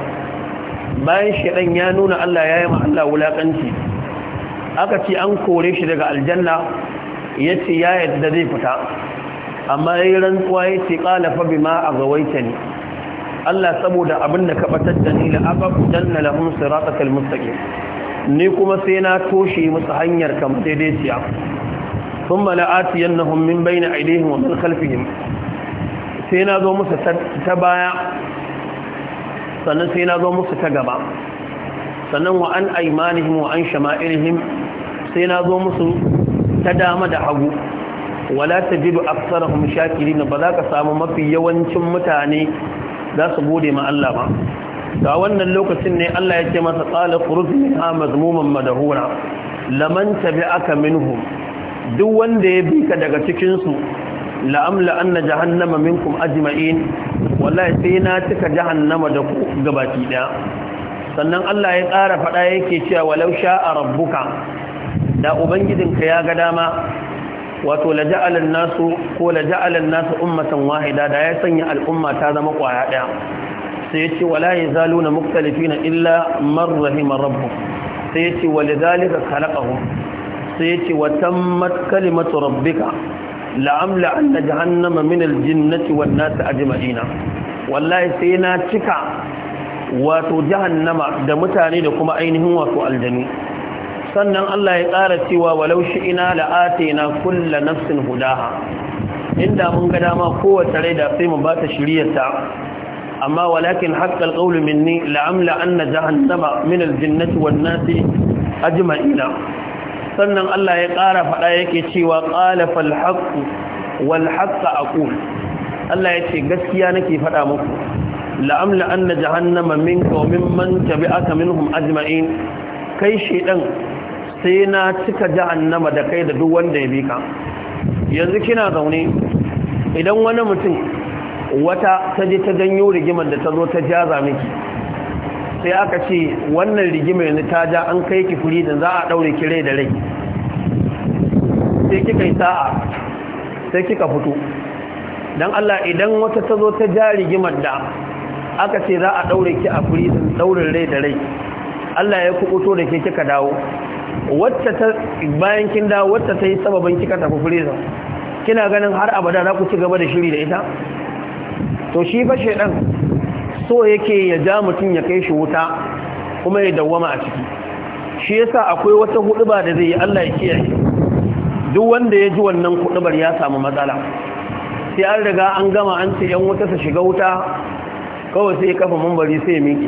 bayan shedan ya nuna Allah yayi ma Allah wulakanci aka ce an kore shi daga aljanna yace ya yadda zai fita amma yayin rantsuwa ya ce yace qala fa bima ne. Allah saboda abin da ka batar da ni la aqdanna lahum siratakal mustaqim ni kuma sai na toshe musu hanyar kam daidaiciya thumma la'atiyannahum min bayni aydihim wa min khalfihim sai na zo musu ta baya sannan sai na zo musu ta gaba sannan wa an aymanihim wa an shama'ilihim sai na zo musu ta dama da hagu wala tajidu mu shakirin ba za ka samu mafi yawancin mutane za su gode ma Allah ba ga wannan lokacin ne Allah ya ce masa qala khuruz min mazmuman madhura laman tabi'aka minhum duk wanda ya bi ka daga cikin su la'amla anna jahannama minkum ajma'in wallahi sai na cika jahannama da ku gabaki daya sannan Allah ya ƙara faɗa yake cewa walau sha'a rabbuka da ubangijinka ya ga dama wato la nasu ko la nasu ummatan wahida da ya sanya al'umma ta zama kwaya daya sai yace wala yazaluna mukhtalifina illa mar rahima rabbuk sai yace walidhalika khalaqahum sai yace wa kalimatu rabbika la'amla anna jahannama min aljinnati wan nas ajma'ina wallahi sai na cika wato jahannama da mutane da kuma ainihin wato aljanu sannan Allah ya ƙara cewa walau shi'ina la'atina kulla nafsin hudaha inda mun ga dama kowace rai da sai mu ba ta shiryarta amma walakin haqqal qawlu minni la'amla anna jahannama min al-jinnati wan-nasi ajma'ina sannan Allah ya ƙara faɗa yake cewa qala fal haqq wal haqq aqul Allah ya ce gaskiya nake faɗa muku la'amla anna jahannama minka wa mimman tabi'aka minhum ajma'in kai shedan sai na cika jahannama da kai da duk wanda ya bi ka yanzu kina zaune idan wani mutum wata ta je ta janyo rigimar da ta zo ta jaza miki sai aka ce wannan rigimar yanzu ta ja an kai ki kuri da za a daure ki rai da rai sai kika yi sa'a sai kika fito don Allah idan wata ta zo ta ja rigimar da aka ce za a daure ki a kuri da daurin rai da rai Allah ya kuɓuto da ke kika dawo wacce ta bayan kin dawo wacce ta yi sababan kika tafi freezer kina ganin har abada za ku ci gaba da shiri da ita to shi fa shedan so yake ya ja mutum ya kai shi wuta kuma ya dawwama a ciki shi yasa akwai wata huduba da zai yi Allah ya kiyaye duk wanda ya ji wannan hudubar ya samu matsala sai an riga an gama an ce yan wuta su shiga wuta kawai sai kafa mambari sai ya miƙe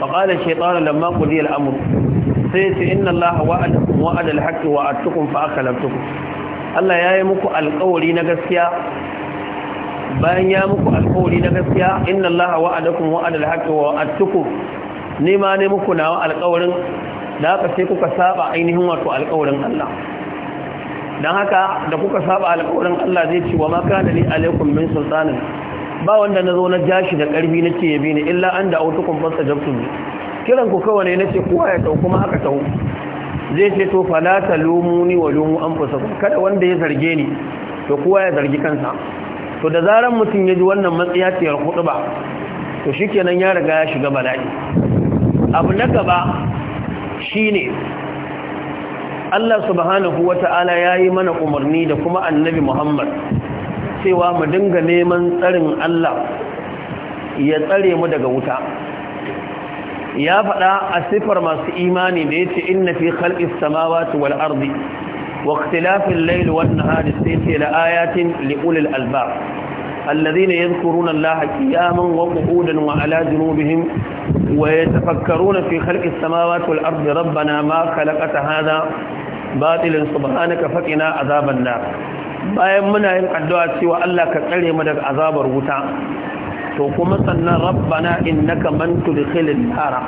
faqala shaytanu lamma qudiya al-amr sai ce inna Allah wa'ada al-haqqi wa atukum fa akhlaftukum Allah yayi muku alƙawari na gaskiya bayan ya muku alƙawari na gaskiya inna Allah wa'adakum wa'ada al-haqqi wa atukum ne ma ne muku nawa alƙawarin da haka sai kuka saba ainihin wato alƙawarin Allah dan haka da kuka saba alƙawarin Allah zai ce wa ma kana li alaikum min sultanin ba wanda nazo na jashi da ƙarfi nake yabi ni illa an da autukum fastajabtum kiran ku kawai ne nace kowa ya tau kuma aka tau zai ce to fala talumuni wa lumu anfusakum kada wanda ya zarge ni to kowa ya zargi kansa to da zaran mutum ya ji wannan matsiyaciyar huduba to shikenan ya riga ya shiga bala'i abu na gaba shine Allah subhanahu wata'ala yi mana umarni da kuma annabi Muhammad cewa mu dinga neman tsarin Allah ya tsare mu daga wuta ya faɗa a sifar masu imani da ya ce inna fi khalqis samawati wal ardi wa ikhtilafil layli wan nahari sayfi la ayatin li ulil albab alladhina yadhkuruna allaha qiyaman wa qu'udan wa ala junubihim wa yatafakkaruna fi khalqis samawati wal ardi rabbana ma khalaqta hadha batilan subhanaka faqina azaban nar bayan muna yin addu'a cewa Allah ka tsare mu daga azabar wuta to kuma sannan rabbana innaka man tudkhilil nara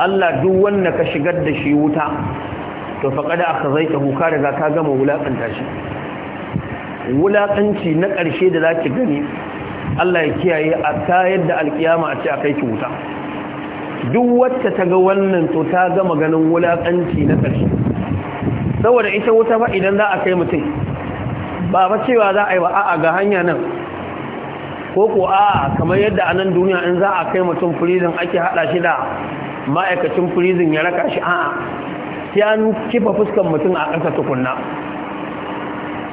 Allah duk wanda ka shigar da shi wuta to faqad akhzaytahu ka riga ka gama wulakanta shi wulakanci na ƙarshe da zaki gani Allah ya kiyaye a ta yadda alkiyama a ce a kai ki wuta duk wacce ta ga wannan to ta gama ganin wulakanci na ƙarshe saboda ita wuta ba idan za a kai mutum ba ba cewa za a yi ba a'a ga hanya nan ko ko a kamar yadda a nan duniya in za a kai mutum firizin ake hada shi da ma'aikacin firizin ya raka shi a'a sai an kifa fuskan mutum a ƙasa tukunna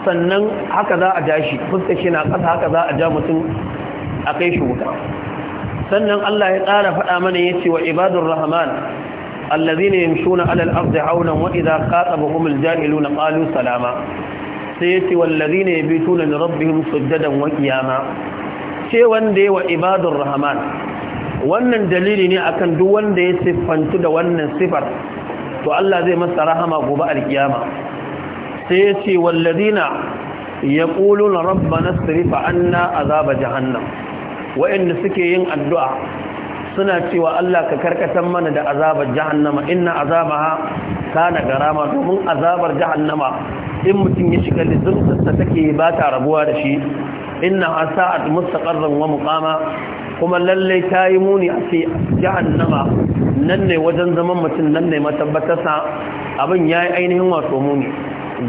sannan haka za a ja shi fuskar shi na ƙasa haka za a ja mutum a kai shi wuta sannan Allah ya tsara faɗa mana ya ce wa ibadun rahman allazina ne yamshuna alal ardi haunan wa idha qatabahum aljahiluna qalu salama sai ya ce tuna da yabituna li rabbihim sujadan wa qiyama ce wanda ya wa ibadun rahman wannan dalili ne akan duk wanda ya siffantu da wannan sifar to Allah zai masa rahama gobe alkiyama sai ya ce walladina yaquluna rabbana asrif anna azaba jahannan. Wainda suke yin addu'a suna cewa Allah ka karkatan mana da azabar jahannama inna azabaha na garama domin azabar jahannama in mutum ya shiga lizumtarsa take ba ta rabuwa da shi inna asa'at mustaqarran wa muqama kuma lalle ta yi muni a ce jahannama nan ne wajen zaman mutum nan ne matabbatarsa abin yayi ainihin wato muni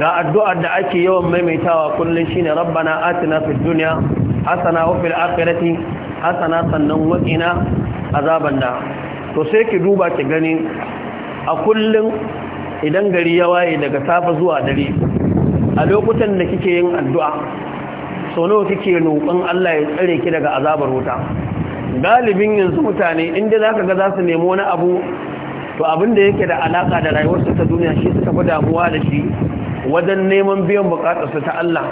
ga addu'a da ake yawan maimaitawa kullum shine rabbana atina fid dunya hasana wa fil akhirati hasana sannan waqina azaban da to sai ki duba ki gani a kullum idan gari ya waye daga safa zuwa dare a lokutan da kike yin addu'a so nawa kike roƙon Allah ya tsare ki daga azabar wuta galibin yanzu mutane inda zaka ga za su nemi wani abu to abin da yake da alaka da rayuwarsu ta duniya shi suka fi damuwa da shi wajen neman biyan su ta Allah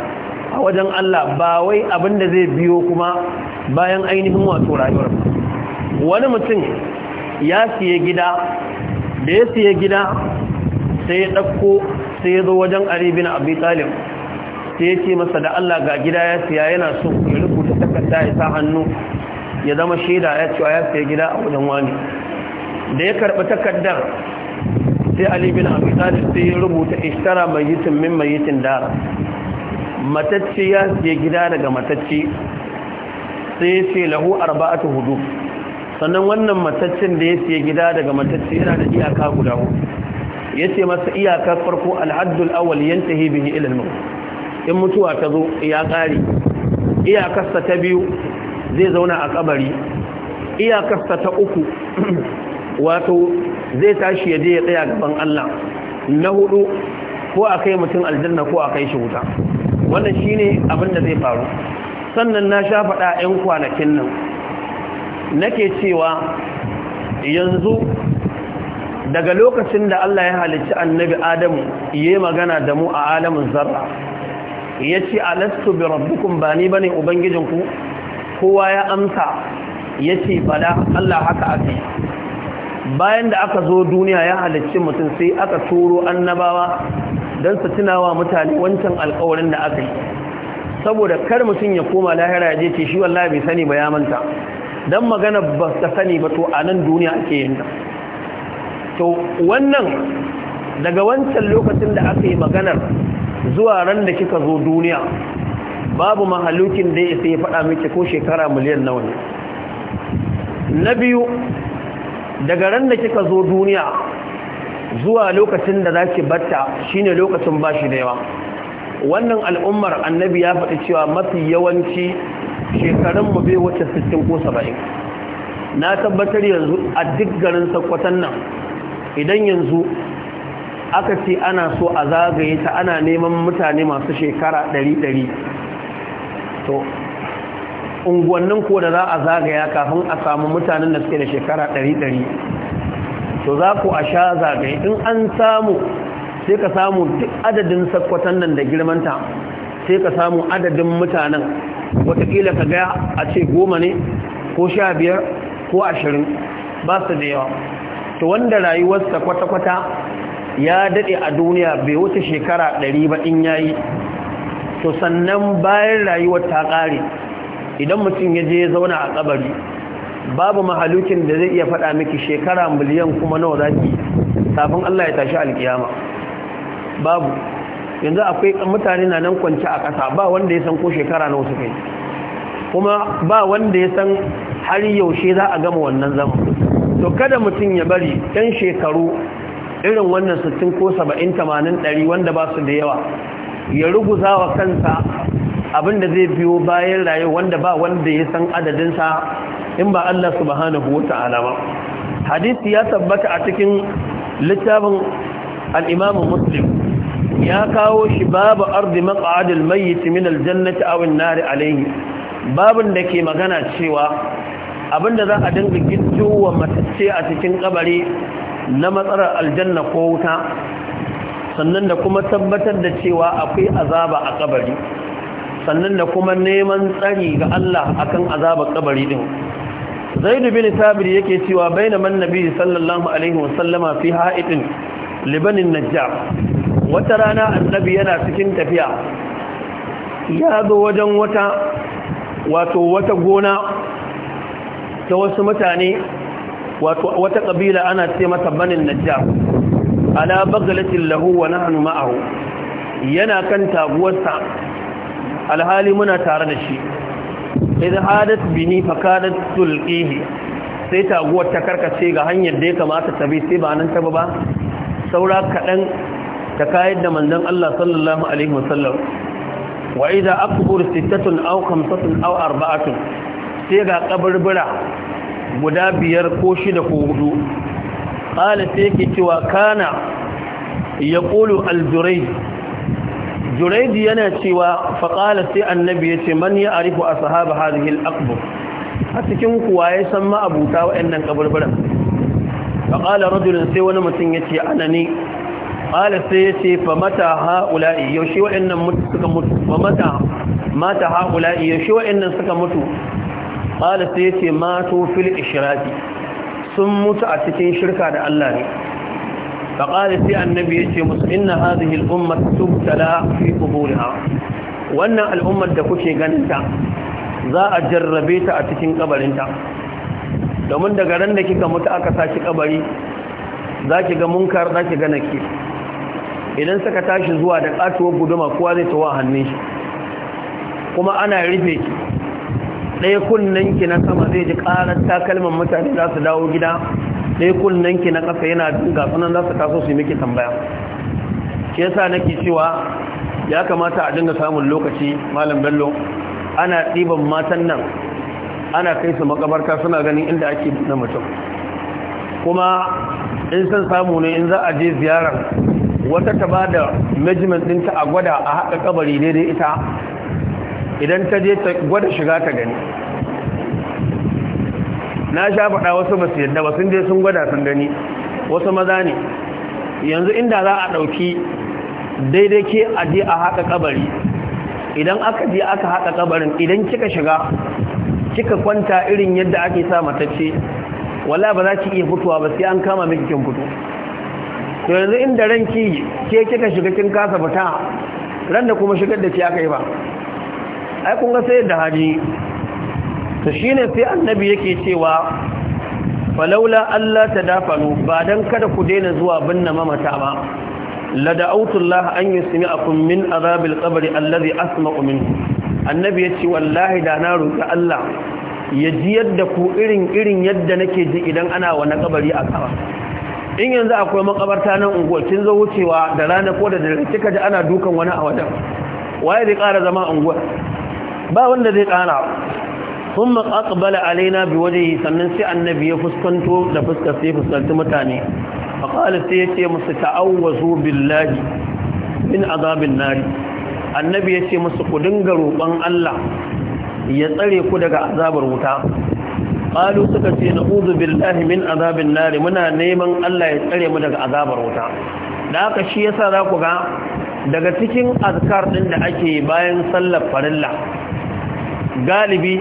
a wajen Allah ba wai abin da zai biyo kuma bayan ainihin wato rayuwar wani mutum ya siye gida da ya siye gida sai ya ɗauko sai ya zo wajen aribin abi talib sai ya ce masa da Allah ga gida ya siya yana so ya rubuta takarda ya sa hannu ya zama shaida ya cewa ya siya gida a wajen wani da ya karɓi takardar sai Ali bin Abi Talib sai ya rubuta ishtara mayitin min mayitin dara matacci ya siya gida daga matacci sai ya ce lahu arba'atu hudu sannan wannan mataccin da ya siya gida daga matacci yana da iyaka guda hudu yace masa iyakar farko al-haddul awwal yantahi bihi ila al mawt in mutuwa ta zo ya ƙare iyakarsa ta biyu zai zauna a kabari iyakarsa ta uku wato zai tashi ya je ya tsaya gaban Allah na hudu ko a kai mutum aljanna ko a kai shi wuta wannan shine abin da zai faru sannan na sha faɗa 'yan kwanakin nan nake cewa yanzu daga lokacin da Allah ya halicci annabi Adamu yayi magana da mu a alamin zarra ya ce alastu bi rabbikum ba ni bane ubangijinku kowa ya amsa ya ce bala Allah haka ake bayan da aka zo duniya ya halarci mutum sai aka turo annabawa don su tunawa mutane wancan alkawarin da aka yi saboda kar mutum ya koma lahira ya je ce shi wallahi bai sani ba ya manta don magana ba ta sani ba to a nan duniya ake yin to wannan daga wancan lokacin da aka yi maganar zuwa ran da kika zo duniya babu mahalukin da ya ya faɗa miki ko shekara miliyan nawa ne na biyu daga ran da kika zo duniya zuwa lokacin da zaki batta shine lokacin bashi da yawa wannan al'ummar annabi ya faɗi cewa mafi yawanci shekarun mu bai wuce 60 ko 70 na tabbatar yanzu a duk garin sakwatan nan idan yanzu aka ce ana so a zagaye ta ana neman mutane masu shekara ɗari-ɗari. to unguwannin ko da za a zagaya kafin a samu mutanen da suke da shekara ɗari-ɗari. to za ku a sha zagaye in an samu sai ka samu duk adadin sakwatan nan da girmanta sai ka samu adadin mutanen watakila ka gaya a ce goma ne ko sha biyar ko ashirin ba su da yawa to wanda rayuwarsa kwata-kwata ya daɗe a duniya bai wuce shekara ɗari ba in yayi to sannan bayan rayuwar ta ƙare idan mutum ya je zauna a kabari babu mahalukin da zai iya faɗa miki shekara miliyan kuma nawa zaki kafin Allah ya tashi alkiyama babu yanzu akwai mutane na nan kwanci a ƙasa ba wanda ya san ko shekara nawa suka yi kuma ba wanda ya san har yaushe za a gama wannan zama to kada mutum ya bari ɗan shekaru irin wannan 60 ko 70 80 wanda ba su da yawa ya ruguza wa kansa abinda zai biyo bayan rayu wanda ba wanda ya san adadinsa in ba Allah subhanahu wata'ala ba hadisi ya tabbata a cikin littafin al Muslim ya kawo shi babu arzi maq'adil mai min jannati nari alaihi alayhi babin da ke magana cewa abinda za a dinga giddowa matacce a cikin kabari na matsalar aljanna ko wuta sannan da kuma tabbatar da cewa akwai azaba a kabari sannan da kuma neman tsari ga Allah akan azaba kabari din zaid bin sabir yake cewa bainaman nabi sallallahu alaihi wasallama fi ha'idin libanin najjar wata rana annabi yana cikin tafiya ya zo wajen wata wato wata gona ta wasu mutane wato wata kabila ana ce mata banin najjar ala bagalatin lahu wa nahnu ma'ahu yana kan taguwarsa alhali muna tare da shi idan hadat bihi fakadat tulqihi sai taguwar ta karkace ga hanyar da ya kamata ta bi sai ba nan ta ba saura kadan ta kayar da manzon Allah sallallahu alaihi wasallam wa idan akbur sittatun aw khamsatun aw arba'atun sai ga kaburbura guda biyar ko shida ko hudu ƙala sai yake cewa kana ya ƙulu aljurai juraidi yana cewa faƙala sai annabi ya ce man ya arifu a sahaba hazihil akbar a cikin kuwa ya san ma'abuta waɗannan kabarbaran faƙala rajulun sai wani mutum ya ce ana ne ƙala sai ya ce fa mata ha'ula'i yaushe waɗannan suka mutu fa mata mata ha'ula'i yaushe waɗannan suka mutu ƙala sai yace mato fil ishiraki sun mutu a cikin shirka da Allah ne faƙali sai annabi ya ce musu inna hadhihi al'ummar tubtala fi quburiha wannan al'ummar da kuke ganinta za a jarrabe ta a cikin ƙabarinta. domin daga ran da kika mutu aka saki kabari zaki ga munkar zaki ga nake idan suka tashi zuwa da katuwar guduma kowa zai tawa hannun shi kuma ana rufe ki ɗaya kunnen ki na sama zai ji ƙarar takalman mutane za su dawo gida ɗaya kunnen ki na ƙasa yana dinga sunan za su taso su yi miki tambaya ke sa nake cewa ya kamata a dinga samun lokaci malam bello ana ɗiban matan nan ana kai su makabarta suna ganin inda ake na mutum kuma in san samu ne in za a je ziyarar wata ta ba da management ɗinta a gwada a haɗa kabari daidai ita idan ta je ta gwada shiga ta gani na sha faɗa wasu ba su yadda ba sun je sun gwada sun gani wasu maza ne yanzu inda za a ɗauki daidai ke a je a haƙa kabari idan aka je aka haƙa kabarin idan kika shiga kika kwanta irin yadda ake sa matacce wala ba za ki iya fitowa ba sai an kama miki kin fito to yanzu inda ranki ke kika shiga kin kasa fita ran da kuma shigar da ke aka yi ba ai kun ga sai da haji to shine sai annabi yake cewa falaula Allah tadafanu ba dan kada ku daina zuwa binne mamata ba Lada Allah an yusmi'akum min azabil qabri alladhi asma'u min. annabi yace wallahi da na roki Allah ya ji yadda ku irin irin yadda nake ji idan ana wani kabari a kaba in yanzu akwai makabarta nan unguwa kin zo wucewa da rana ko da dare kika ji ana dukan wani a wajen waye zai ƙara zama unguwa ba wanda zai ƙara sun maƙaƙabala alaina bi waje yi sannan sai annabi ya fuskanto da fuskar sai fuskanci mutane a ƙalis sai ya ce musu ta'awwazu billahi min azabin nari annabi ya ce musu ku dinga roƙon Allah ya tsare ku daga azabar wuta Ƙalu suka ce na uzu billahi min azabin nari muna neman Allah ya tsare mu daga azabar wuta da aka shi yasa za ku ga daga cikin azkar ɗin da ake bayan sallar farilla galibi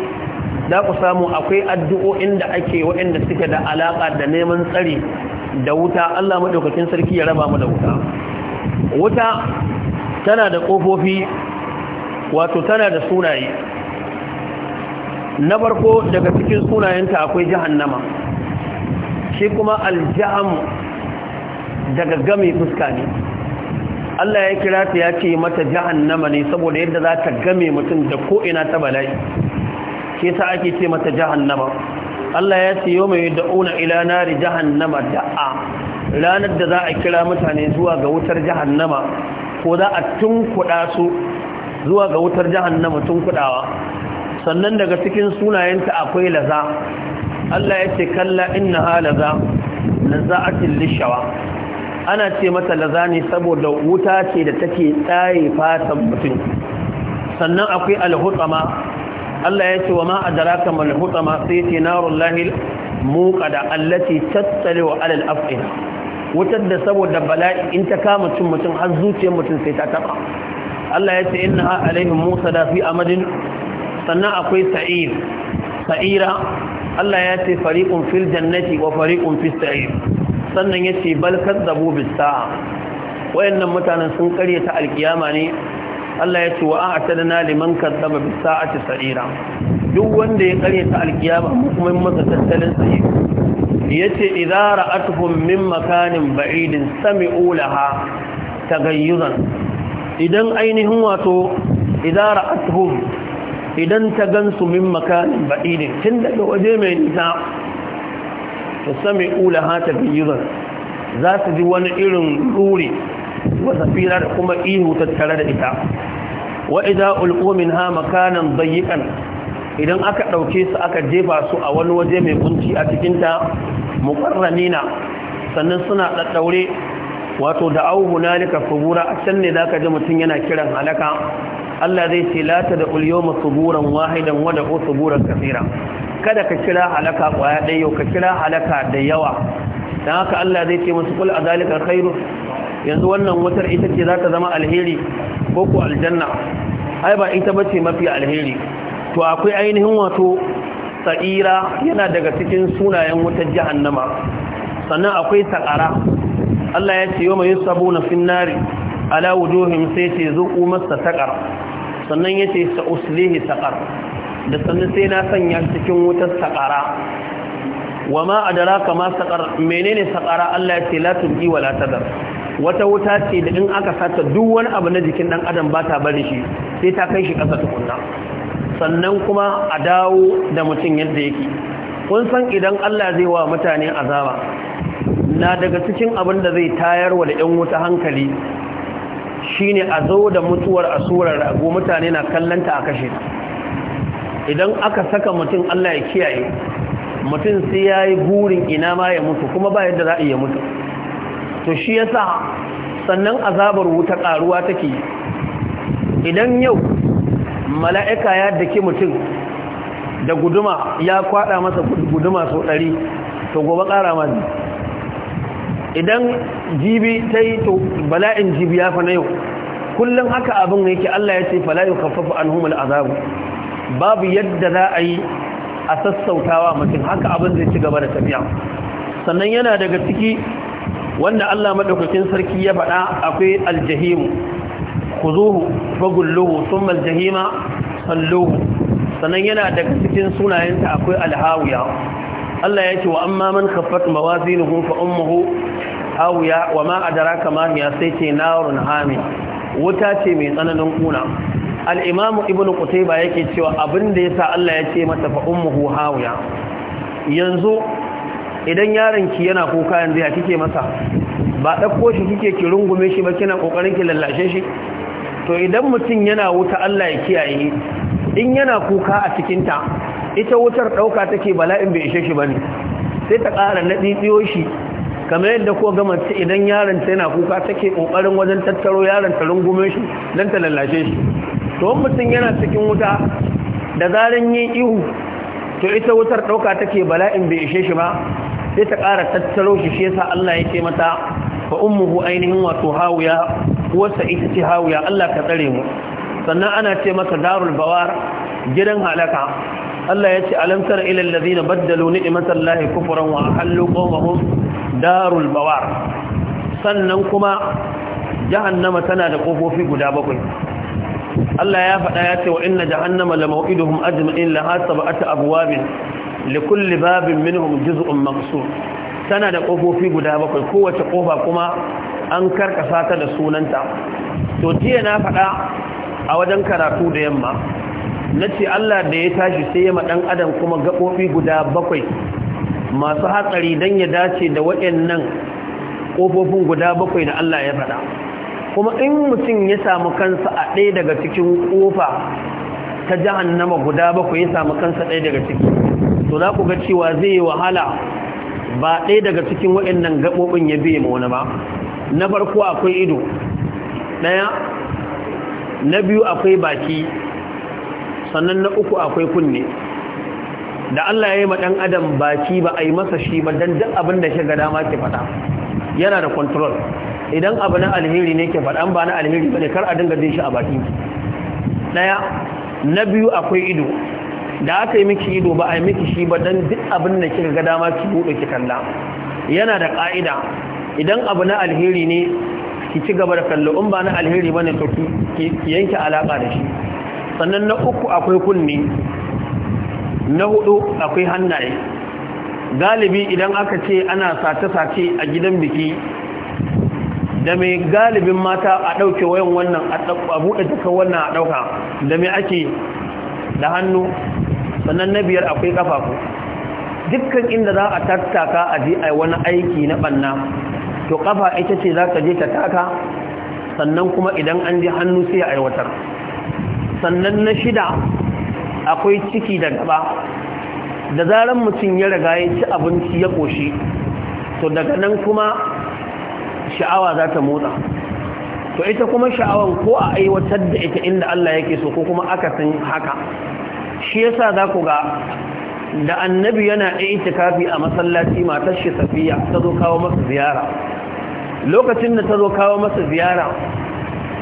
za ku samu akwai addu'o'in da ake waɗanda suke da alaƙa da neman tsari da wuta Allah madaukakin sarki ya raba mu da wuta wuta tana da ƙofofi wato tana da sunaye na farko daga cikin sunayenta akwai jahannama shi kuma aljaham daga game fuska ne Allah ya kira ta ya ce mata jahannama ne saboda yadda za ta game mutum da ko'ina ta bala'i ke sa ake ce mata jahannama Allah ya ce yau mai da'una ila nari jahannama a ranar da za a kira mutane zuwa ga wutar jahannama ko za a tunkuɗa su zuwa ga wutar jahannama tunkuɗawa sannan daga cikin sunayenta akwai laza Allah ya ce kalla inna ha laza laza'atin lishawa ana ce mata lazani saboda wuta ce da take tsaye fatan mutum sannan akwai alhutsama Allah ya ce wa ma adraka mal hutsama sai ce narul lahil muqada allati tattaliu ala al-af'in wutar da saboda bala'i in ta kama mutum mutum har zuciyar mutum sai ta taba Allah ya ce inna alaihim musa da fi amadin sannan akwai sa'ira Allah ya ce fariqun fil jannati wa fariqun fis sa'ir sannan ya ce balkar zabo bisa wayannan mutanen sun karye ta alkiyama ne Allah ya ce wa a tadana liman kazzaba bisa'ati sa'ira duk wanda ya karye ta alkiyama kuma masa tattalin sai yace idza ra'atuhum min makanin ba'idin sami olaha ta tagayyuzan idan ainihin wato idza ra'atuhum idan ta gansu min makanin ba'idin tun daga waje mai nisa فسمعوا لها تبيضا ذات دي وان إرن روري وزفيرا لكم إيه تتكرر إتا وإذا ألقوا منها مكانا ضيقا idan aka ɗauke su aka jefa su a wani waje mai kunci a cikinta muƙarranina sannan suna ɗaɗɗaure wato da na hunalika subura a can ne zaka ji mutum yana kiran halaka Allah zai ce la da ulyoma suburan wahidan wa da suburan kafira. kada ka kira halaka kwaya ɗaya yau ka kira halaka da yawa don haka Allah zai ce musu kul a zalika khairu yanzu wannan wutar ita ce za ta zama alheri ko ku aljanna ai ba ita bace mafi alheri to akwai ainihin wato sa'ira yana daga cikin sunayen wutar jahannama sannan akwai sakara Allah ya ce yau mai sabuna finnari ala wujuhim sai ce zuku masa sakar sannan ya ce sa'uslihi sakar da sannu sai na sanya cikin wutar saƙara wa ma adraka ma saƙar menene saƙara Allah ya ce la ji wa tadar wata wuta ce da in aka sata duk wani abu na jikin ɗan adam ba ta bari shi sai ta kai shi ƙasa tukunna sannan kuma a dawo da mutum yadda yake kun san idan Allah zai wa mutane azaba na daga cikin abin da zai tayar wa da ƴan wuta hankali shine a zo da mutuwar asurar rago mutane na kallanta a kashe ta idan aka saka mutum Allah ya kiyaye mutum sai ya yi burin ina ma ya mutu kuma ba yadda za a iya mutu to shi ya sa sannan azabar wuta karuwa take idan yau mala'ika ya daki mutum da guduma ya kwada masa guduma sau ɗari to gobe ƙara mazi idan jibi ta yi to bala'in jibi ya fa na yau kullum haka abin yake Allah ya ce fala yukaffafu anhumul azabu babu yadda za a yi a sassautawa mutum haka abin zai ci gaba da tafiya sannan yana daga ciki wanda Allah madaukakin sarki ya faɗa akwai aljahim khuzuhu fagulluhu thumma aljahima salluhu sannan yana daga cikin sunayenta akwai alhawiya Allah ya ce wa amma man khaffat mawazinuhu fa ummuhu hawiya wa ma adraka ma hiya sai ce narun hami wuta ce mai tsananin kuna al ibn ibnu yake cewa abin abinda yasa Allah ya ce mata fa’un mu hawiya yanzu idan yaron yana kuka yanzu ya kike masa ba ɗakko shi kike ki rungume shi ba kina kokarin ki lallashe shi to idan mutum yana wuta Allah ya kiyaye in yana kuka a cikinta ita wutar ɗauka take bala'in bai ishe shi ba ne sai ta ƙara ɗiɗiyo shi kamar yadda ko gama mace idan yaron ta yana kuka take kokarin wajen tattaro yaron ta rungume shi dan ta lallashe shi to mutum yana cikin wuta da zaran yin ihu to ita wutar ɗauka take bala'in bai ishe shi ba sai ta ƙara tattaro shi shi yasa Allah yake mata fa ummuhu ainihin wato hawiya uwarsa ita ce hawiya Allah ka tsare mu sannan ana ce masa darul bawar gidan halaka Allah ya ce alam tara ila allazina baddalu ni'matallahi kufran wa ahallu qawmahum darul bawar sannan kuma jahannama tana da kofofi guda bakwai Allah ya faɗa ya ce wa inna jahannama la maw'iduhum ajma'in laha sab'atu abwabin li kulli babin minhum juz'un maqsur tana da kofofi guda bakwai kowace kofa kuma an karkasa ta da sunanta to jiya na faɗa a wajen karatu da yamma nace Allah da ya tashi sai ya madan adam kuma gaɓoɓi guda bakwai masu hatsari dan ya dace da waɗannan ƙofofin guda bakwai da Allah ya faɗa kuma in mutum ya samu kansa a ɗaya daga cikin ƙofa ta jahannama guda ku ya samu kansa ɗaya daga ciki to za ku ga cewa zai yi wahala ba ɗaya daga cikin waɗannan gaɓoɓin ya biye ma wani ba na farko akwai ido ɗaya na biyu akwai baki sannan na uku akwai kunne da Allah ya yi ma ɗan adam baki ba a yi masa shi ba don duk abin da shiga dama ke faɗa yana da control idan abu na alheri ne ke faɗan ba na alheri ba ne kar a dinga jin shi a baki. ɗaya na biyu akwai ido da aka yi miki ido ba a yi miki shi ba don duk abin da kika ga dama ki buɗe ki kalla yana da ƙa'ida idan abu na alheri ne ki ci gaba da kallo in ba na alheri ba ne to ki yanke alaƙa da shi sannan na uku akwai kunne na hudu akwai hannaye galibi idan aka ce ana sace-sace a gidan biki da mai galibin mata a ɗauke wayan wannan a buɗe duka wannan a ɗauka da mai ake da hannu sannan na biyar akwai ƙafafu dukkan inda za a tattaka a je a wani aiki na ɓanna to ƙafa ita ce za ka je ta taka sannan kuma idan an ji hannu sai a aiwatar sannan na shida akwai ciki da gaba da zaren mutum ya riga ya ci abinci ya ƙoshi to daga nan kuma sha'awa za ta motsa to ita kuma sha'awan ko a aiwatar da ita inda Allah yake so ko kuma aka san haka shi yasa za ku ga da annabi yana kafi a masallaci matar shi safiya ta zo kawo masa ziyara lokacin da ta zo kawo masa ziyara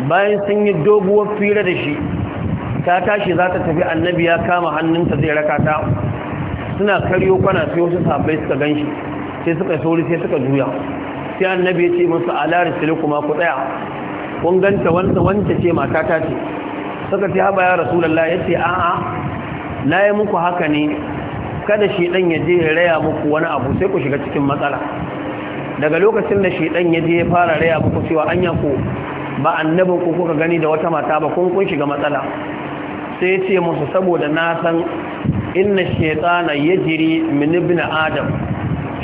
bayan sun yi doguwar fira da shi ta tashi za ta tafi annabi ya kama hannunta zai raka ta suna karyo kwana sai wasu sabai suka gan shi sai suka sauri sai suka juya sai annabi ya ce musu ala kuma ku tsaya kun ganta wanda wanda ce matata ce suka ce haba ya rasulullah ya ce a'a na yi muku haka ne kada shi ya je raya muku wani abu sai ku shiga cikin matsala daga lokacin da shi ya je ya fara raya muku cewa anya ku ba annabin ku kuka gani da wata mata ba kun kun shiga matsala sai ya ce musu saboda na san inna shaytana yajri min ibn adam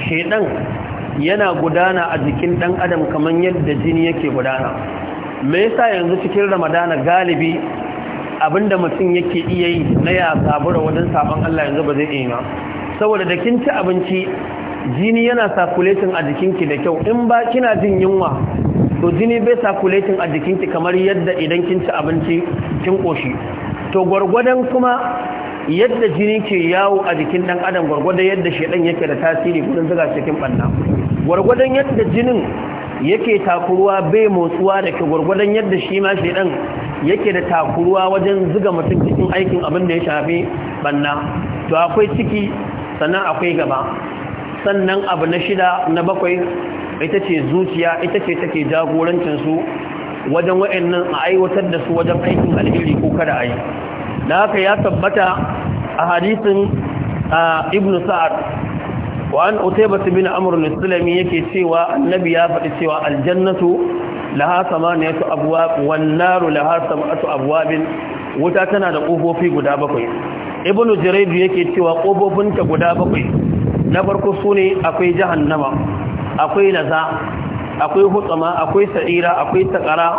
shaytan yana gudana a jikin ɗan adam kamar yadda jini yake gudana me yasa yanzu cikin ramadana galibi abinda mutum yake iya yi na ya sabura wajen sabon Allah yanzu ba zai iya ba saboda da kin ci abinci jini yana circulating a jikinki da kyau in ba kina jin yunwa to jini bai circulating a jikinki kamar yadda idan kin ci abinci kin koshi to gwargwadon kuma yadda jini ke yawo a jikin ɗan adam gwargwadon yadda shedan yake da tasiri gudun zuga cikin banna gwargwadon yadda jinin yake takurwa bai motsuwa da ke gwargwadon yadda shi ma shi ɗan yake da takurwa wajen ziga mutum cikin aikin abin da ya shafi banna to akwai ciki sannan akwai gaba sannan abu na shida na bakwai ita ce zuciya ita ce take jagorancinsu wajen wa'annan a aiwatar da su wajen aikin alheri ko kada a yi da haka ya tabbata a hadisin ibn sa'ad wa an bin amr al-islami yake cewa annabi ya faɗi cewa aljannatu laha samaniyatu abwab wan naru laha sab'atu abwabin wuta tana da ƙofofi guda bakwai ibnu jarayd yake cewa ƙofofinta guda bakwai na farko sune akwai jahannama akwai laza akwai hutsama akwai sa'ira akwai takara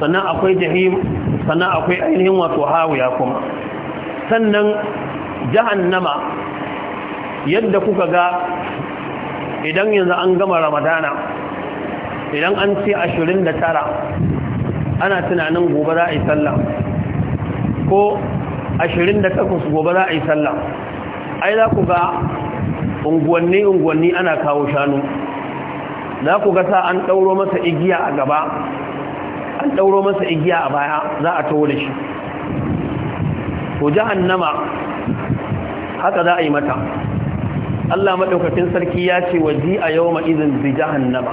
sannan akwai jahim sannan akwai ainihin wato hawiya kuma sannan jahannama yadda kuka ga idan yanzu an gama ramadana idan an ce ashirin da tara ana tunanin gobe za a yi sallah ko ashirin da takwas gobe za a yi sallah ai za ku ga unguwanni-unguwanni ana kawo shanu za ku ga sa an ɗauro masa igiya a gaba an ɗauro masa igiya a baya za a tawo da shi ko jahannama haka za a yi mata Allah madaukakin sarki ya ce waji a yawma izin bi jahannama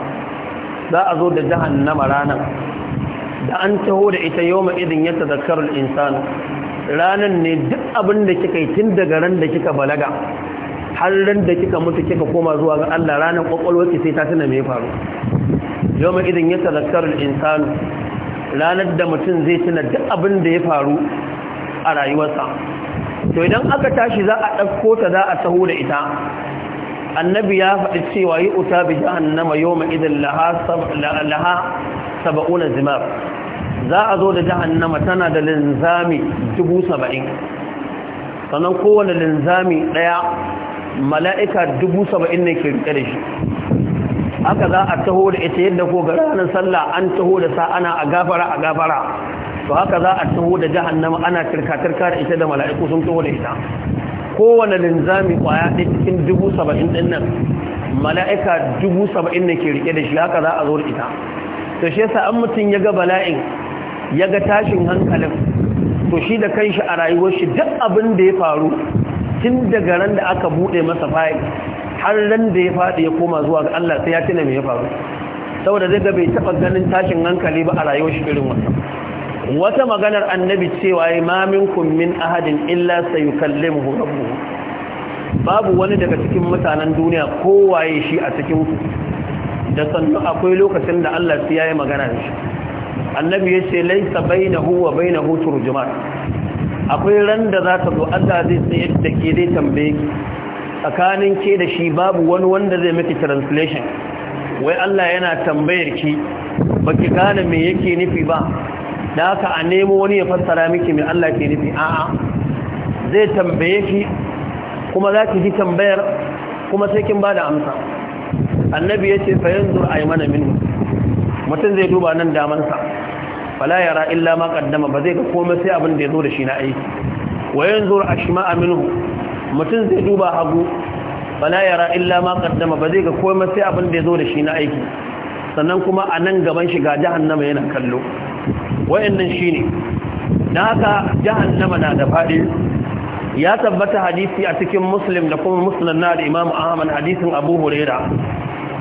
za a zo da jahannama ranan da an taho da ita yawma izin ya tazakkarul insan ranan ne duk abin da kika yi tun daga ran da kika balaga har ran da kika mutu kika koma zuwa ga Allah ranan ki sai ta tuna mai faru yawma izin ya tazakkarul insan ranar da mutum zai tuna duk abin da ya faru a rayuwarsa to idan aka tashi za a ɗauko ta za a taho da ita annabi ya faɗi cewa yi uta bi jahannama yawma idan laha saba'una zimar za a zo da jahannama tana da linzami dubu saba'in sannan kowane linzami ɗaya mala'ika dubu saba'in ne ke rike da shi haka za a taho da ita yadda ko ga ranar sallah an taho da sa ana a gafara a gafara to haka za a taho da jahannama ana tirka-tirka da ita da mala'iku sun taho da ita kowane linzami kwaya ɗaya cikin dubu saba'in ɗin nan mala'ika dubu saba'in ne ke rike da shi haka za a zo da ita to shi yasa an mutum ya ga bala'in ya ga tashin hankalin to shi da kanshi a rayuwar shi duk abin da ya faru tun daga ran da aka buɗe masa fayil har ran da ya faɗi ya koma zuwa ga Allah sai ya tuna me ya faru saboda zai ga bai taɓa ganin tashin hankali ba a rayuwar shi irin wannan wata maganar annabi cewa ya mamin min ahadin illa sayukallimuhu yukallimu rabbuhu babu wani daga cikin mutanen duniya kowaye shi a cikin ku da sannu akwai lokacin da Allah sai yayi magana da shi annabi yace laisa bainahu wa bainahu turjuman akwai ran da za zo Allah zai tsaye da ke zai tambaye ki tsakanin ke da shi babu wani wanda zai miki translation wai Allah yana tambayar ki baki gane me yake nufi ba da haka a nemo wani ya fassara miki mai Allah ke nufi a'a zai tambaye ki kuma za ki ji tambayar kuma sai kin bada amsa annabi ya ce fayin yi mana min mutum zai duba nan damansa fala yara illa ma kaddama ba zai ga komai sai abin da ya zo da shi na aiki wa a ashma'a minhu mutum zai duba hagu fala yara illa ma kaddama ba zai ga komai sai abin da ya zo da shi na aiki sannan kuma a nan gaban shi ga yana kallo wayannan shine dan haka jahannama na da fadi ya tabbata hadisi a cikin muslim da kuma muslim na da imamu ahmad hadisin abu huraira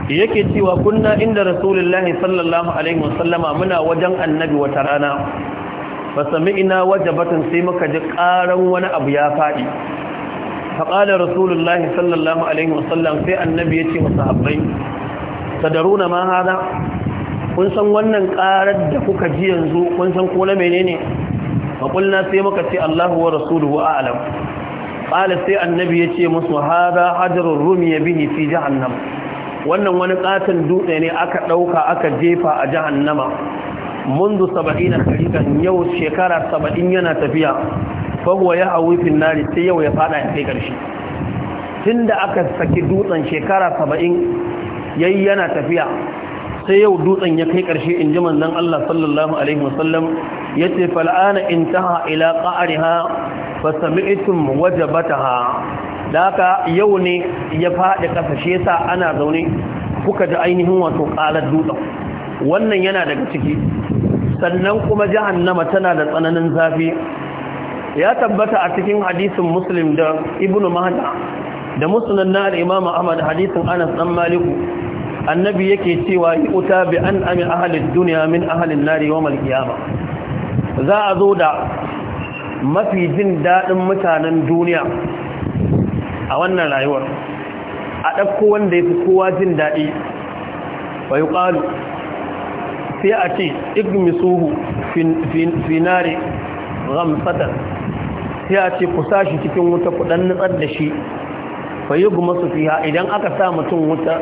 yake cewa kunna inda rasulullahi sallallahu alaihi wasallama muna wajen annabi wata rana ba sami ina wajabatan sai muka ji karan wani abu ya faɗi faƙalar rasulullahi sallallahu alaihi wasallam sai annabi ya ce masu habbai sadaruna ma hada kun san wannan karar da kuka ji yanzu kun san ko na menene fa qulna sai muka ce Allahu wa rasuluhu a'lam qala sai annabi yace musu hada hajarur rumiya bihi fi jahannam wannan wani katon dutse ne aka dauka aka jefa a jahannama منذ shekara خريقا yana tafiya. سبعين ya تفيا فهو يهوي في النار سيو يفعل في كرشي tunda aka saki dutsen shekara 70 yayi yana tafiya sai yau dutsen ya kai ƙarshe in ji manzon Allah sallallahu alaihi wasallam yace fal'ana intaha ila bata fasami'tum wajabataha daka yau ne ya faɗi ƙasa shi yasa ana zaune kuka ji ainihin wato ƙalar dutsen wannan yana daga ciki sannan kuma jahannama tana da tsananin zafi ya tabbata a cikin hadisin muslim da ibnu mahda da musulun na imam ahmad hadisin anas dan maliku annabi yake cewa uta bi an ami ahalin duniya min ahalin nari wa malkiyama za a zo da mafi jin daɗin mutanen duniya a wannan rayuwar a ɗauko wanda ya fi kowa jin daɗi wa yi ƙalu sai a ce igmisuhu finari ramsatar sai a ce ku sashi cikin wuta kudan nutsar da shi fa yi guma su idan aka sa mutum wuta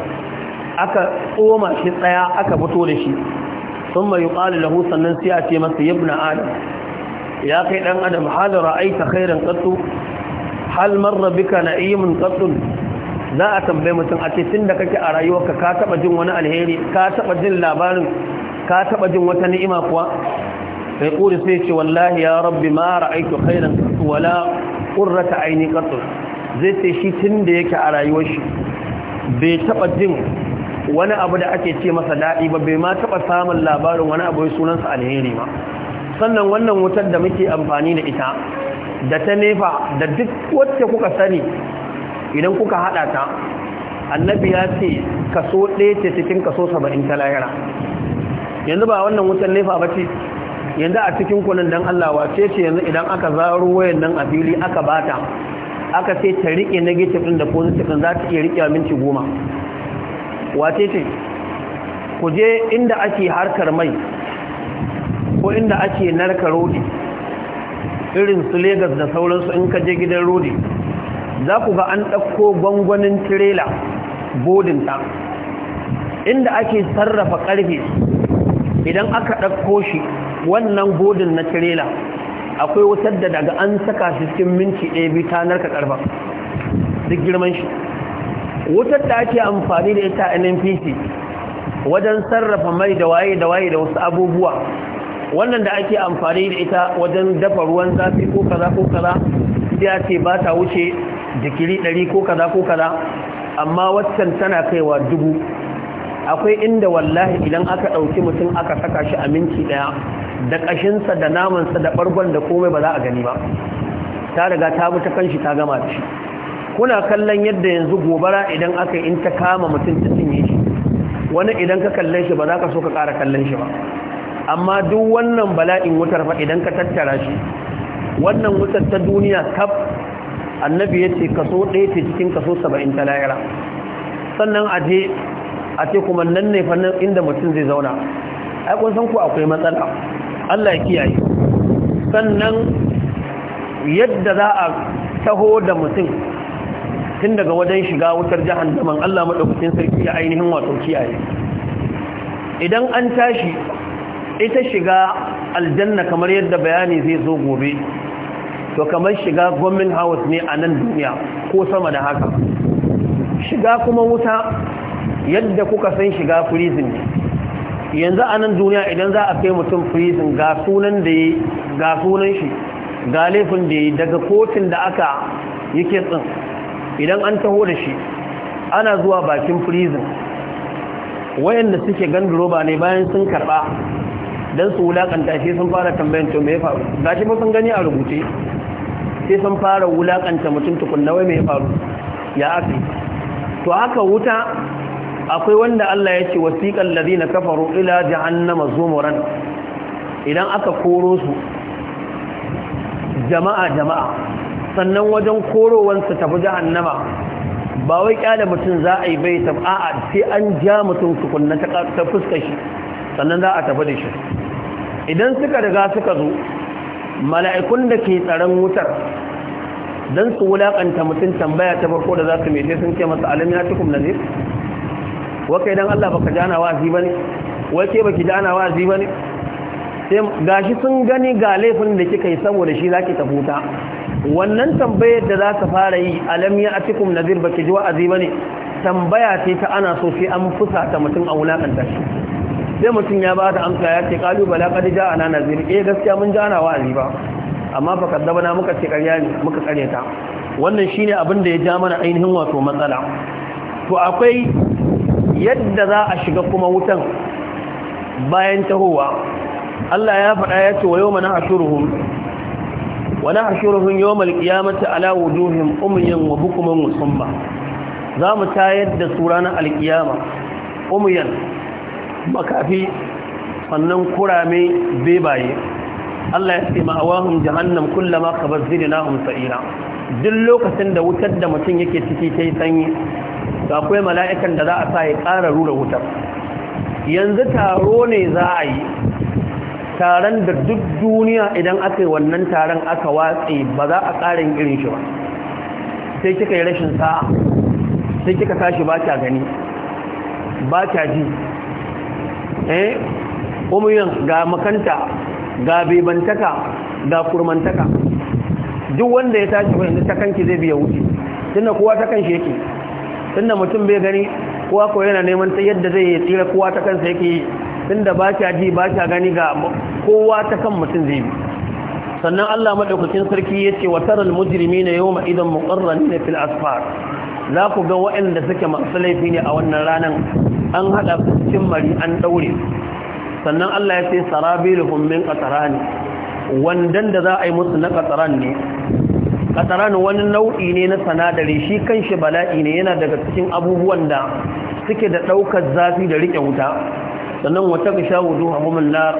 aka tsoma shi tsaya aka fito da shi sun mai yi ƙali lahu sannan sai a ce masa yabna adam ya kai ɗan adam halin ra'aita khairan ƙattu hal marra bika na'imin ƙattun za a tambaye mutum a ce tun da kake a rayuwarka ka taɓa jin wani alheri ka taɓa jin labarin ka taɓa jin wata ni'ima kuwa sai ƙuri sai ce wallahi ya rabbi ma ra'aitu khairan ƙattu wala ƙurrata aini ƙattu zai ce shi tun da yake a rayuwar shi bai taɓa jin wani abu da ake ce masa daɗi ba bai ma taɓa samun labarin wani abu ya sunansa alheri ba sannan wannan wutar da muke amfani da ita da ta nefa da duk wacce kuka sani idan kuka haɗa ta annabi ya ce kaso ɗaya ce cikin kaso saba'in ta lahira yanzu ba wannan wutar nefa ba ce yanzu a cikin kunan dan Allah wacece ce yanzu idan aka zaro wayan nan a fili aka bata aka ce ta riƙe negative ɗin da positive ɗin za ta iya riƙe minti goma wace ce ku je inda ake harkar mai ko inda ake narka rodi irin su Legas da sauransu in ka je gidan rodi za ku ga an ɗauko gwangwanin tirela bodin ta inda ake sarrafa ƙarfe idan aka ɗauko shi wannan bodin na tirela akwai wutar da daga an saka shi cikin minti ɗaya biyu ta narka ƙarfa duk girman shi wutar da ake amfani da ita a npc wajen sarrafa mai da waye da waye da wasu abubuwa wannan da ake amfani da ita wajen dafa ruwan zafi ko kaza ko kaza ya ce ba ta wuce jikiri ɗari ko kaza ko kaza amma waccan tana kaiwa dubu akwai inda wallahi idan aka ɗauki mutum aka saka shi a minti ɗaya da ƙashinsa da namansa da ɓargon da komai ba za a gani ba ta riga ta bi ta kanshi ta gama da shi kuna kallon yadda yanzu gobara idan aka yi in ta kama mutum ta cinye shi wani idan ka kallon shi ba za ka so ka ƙara kallon shi ba amma duk wannan bala'in wutar fa idan ka tattara shi wannan wutar ta duniya kaf annabi ya ce kaso ɗaya ce cikin kaso saba'in ta la'ira sannan a je a ce kuma nan ne fannin inda mutum zai zauna ai kun san ku akwai matsala Allah ya kiyaye sannan yadda za a taho da mutum tun daga wajen shiga wutar jihar zaman Allah maɗaukacin sarki ya ainihin wato kiyaye idan an tashi ita shiga aljanna kamar yadda bayani zai zo gobe to kamar shiga gwamnan house ne a nan duniya ko sama da haka shiga kuma wuta yadda kuka san shiga prison ne yanzu a nan duniya idan za a kai mutum prison ga sunan da ya ga sunan shi ga laifin da ya daga kotun da aka yake tsin idan an taho da shi ana zuwa bakin prison wayanda suke droba ne bayan sun karba don su wulakanta shi sun fara tambayan to me ya faru gashi ba sun gani a rubuce sai sun fara wulakanta mutum tukunna wai me ya faru ya aka to haka wuta akwai wanda Allah ya ce wasiqal ladina kafaru ila jahannama zumuran idan aka koro su jama'a jama'a sannan wajen korowansa tafi jahannama ba wai kyale mutum za a yi bai ta a'a sai an ja mutum tukunna ta fuskar shi sannan za a tafi da shi idan suka riga suka zo mala'ikun da ke tsaron wutar don su wulaƙanta mutum tambaya ta farko da za su mece sun ce masu alam ya cikin nazir wakai don Allah baka jana wazi ba ne wake baki jana wazi ba ne gashi sun gani ga laifin da kika yi saboda shi za ki tafuta wannan tambayar da za ka fara yi alam ya atikum nazir ba ke ji wa'azi ba ne tambaya ce ta ana so sai an fusa ta mutum a wulaƙanta shi sai mutum ya ba ta amsa ya ce kalu bala qad ja'ana nazir eh gaskiya mun ji ana wa'azi ba amma ba zaba na muka ce ƙarya ne muka ta wannan shine abin da ya ja mana ainihin wato matsala to akwai yadda za a shiga kuma wutan bayan tahowa Allah ya faɗa ya ce wa yau mana ashuruhum wani hashiruhun yawmal qiyamati ala wujuhim umyan wa bukman wa summa za mu tayar da su ranar alkiyama umyan makafi sannan kurame bebaye Allah ya ce ma'awahum jahannam kullama kabazzidnahum Ina. duk lokacin da wutar da mutum yake ciki tayi sanyi to akwai mala'ikan da za a sa ya ƙara rura wutar yanzu taro ne za a yi taron da duk duniya idan aka yi wannan taron aka watsi ba za a ƙarin irin shi ba sai kika yi rashin sa'a sai kika tashi ba ta gani ba ta ji eh umuyan ga makanta ga bebantaka ga kurmantaka duk wanda ya tashi wanda ta kanki zai biya wuce tunda kowa ta kanshi yake tunda mutum bai gani kowa ko yana neman ta yadda zai tsira kowa ta kansa yake tunda ba kya ji ba kya gani ga kowa ta kan mutum zai bi sannan Allah madaukakin sarki ya ce wa taral yau ma'idan idan na fil asfar za ku ga waɗanda suke masu laifi ne a wannan ranar? an haɗa cikin mari an ɗaure. sannan Allah ya ce sarabilu ƙasara ne. wandan da za a yi musu na ƙasaran ne Ƙasaran wani nau'i ne na sanadari shi kan shi bala'i ne yana daga cikin abubuwan da suke da ɗaukar zafi da riƙe wuta sannan wata ga shawo a homin nar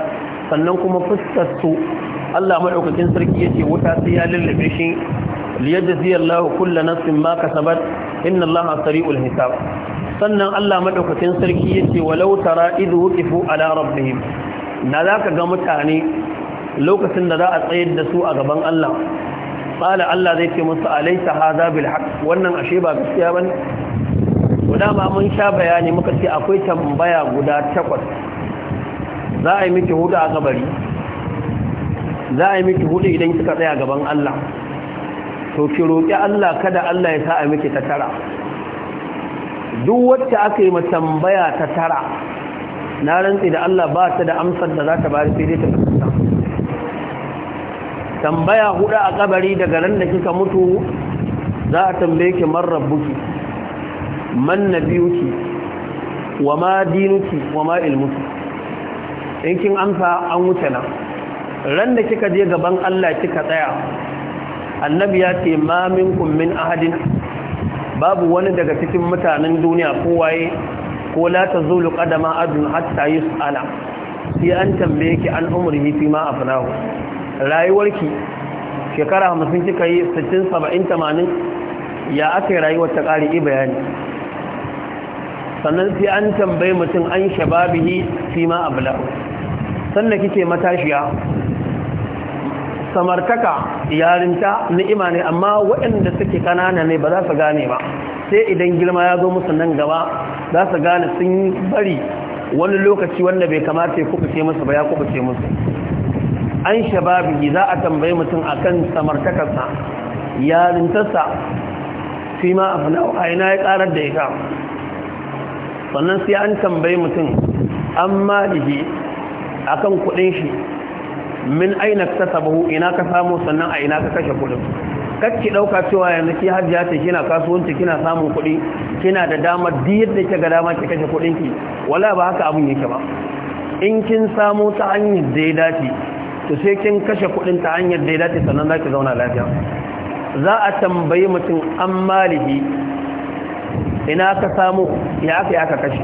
sannan kuma fuskar su Allah maɗaukakin sarki ya ce wuta sai ya lullube shi liyadda ziyar lahu kulla nafsin ma kasabat inna Allah sari'ul hisab sannan Allah maɗaukakin sarki ya ce walau tara idu wuqifu ala rabbihim na za ka ga mutane lokacin da za a tsayar da su a gaban Allah qala Allah zai ce musu alaysa hadha bil haqq wannan ashe ba gaskiya bane guda ba mun sha bayani muka ce akwai tambaya guda takwas za a yi miki hudu a kabari za a yi miki hudu idan kika tsaya gaban Allah to ki roƙi Allah kada Allah ya sa a miki ta tara duk wacce aka yi tambaya ta tara na rantsi da Allah ba ta da amsar da za ta bari sai dai ta fuskanta tambaya hudu a kabari daga ran da kika mutu za a tambaye ki man rabbuki man nabiyuki wa ma dinuki wa ma ilmuki in kin amsa an wuce nan ran da kika je gaban Allah kika tsaya annabi ya ce ma minkum min ahadin babu wani daga cikin mutanen duniya ko waye ko la tazulu qadama adun hatta yus'ala sai an tambaye ki an umrihi fi ma afnahu rayuwarki shekara 50 kika yi 60 70 80 ya aka rayuwar ta kare bayani sannan sai an tambaye mutum an shababihi fi ma abla sannan kike matashiya samartaka yarinta ni'ima ne amma waɗanda suke kanana ne ba za su gane ba sai idan girma ya zo musu nan gaba za su gane sun bari wani lokaci wanda bai kamata ya kubuce musu ba ya kubuce musu an shababi za a tambayi mutum akan samartakarsa yarintarsa fi ma a ina ya karar da ita sannan sai an tambayi mutum an malihi a kan kudin shi min aina ka sabahu ina ka samu sannan a ina ka kashe kudin kacce dauka cewa yanzu ki hajji ya ce kina kasuwanci kina samun kudi kina da dama da yadda ke ga dama ki kashe kudin ki wala ba haka abun yake ba in kin samu ta hanyar da ya dace to sai kin kashe kudin ta hanyar da ya dace sannan za ki zauna lafiya za a tambayi mutum an malihi ina aka samu ya aka aka kashe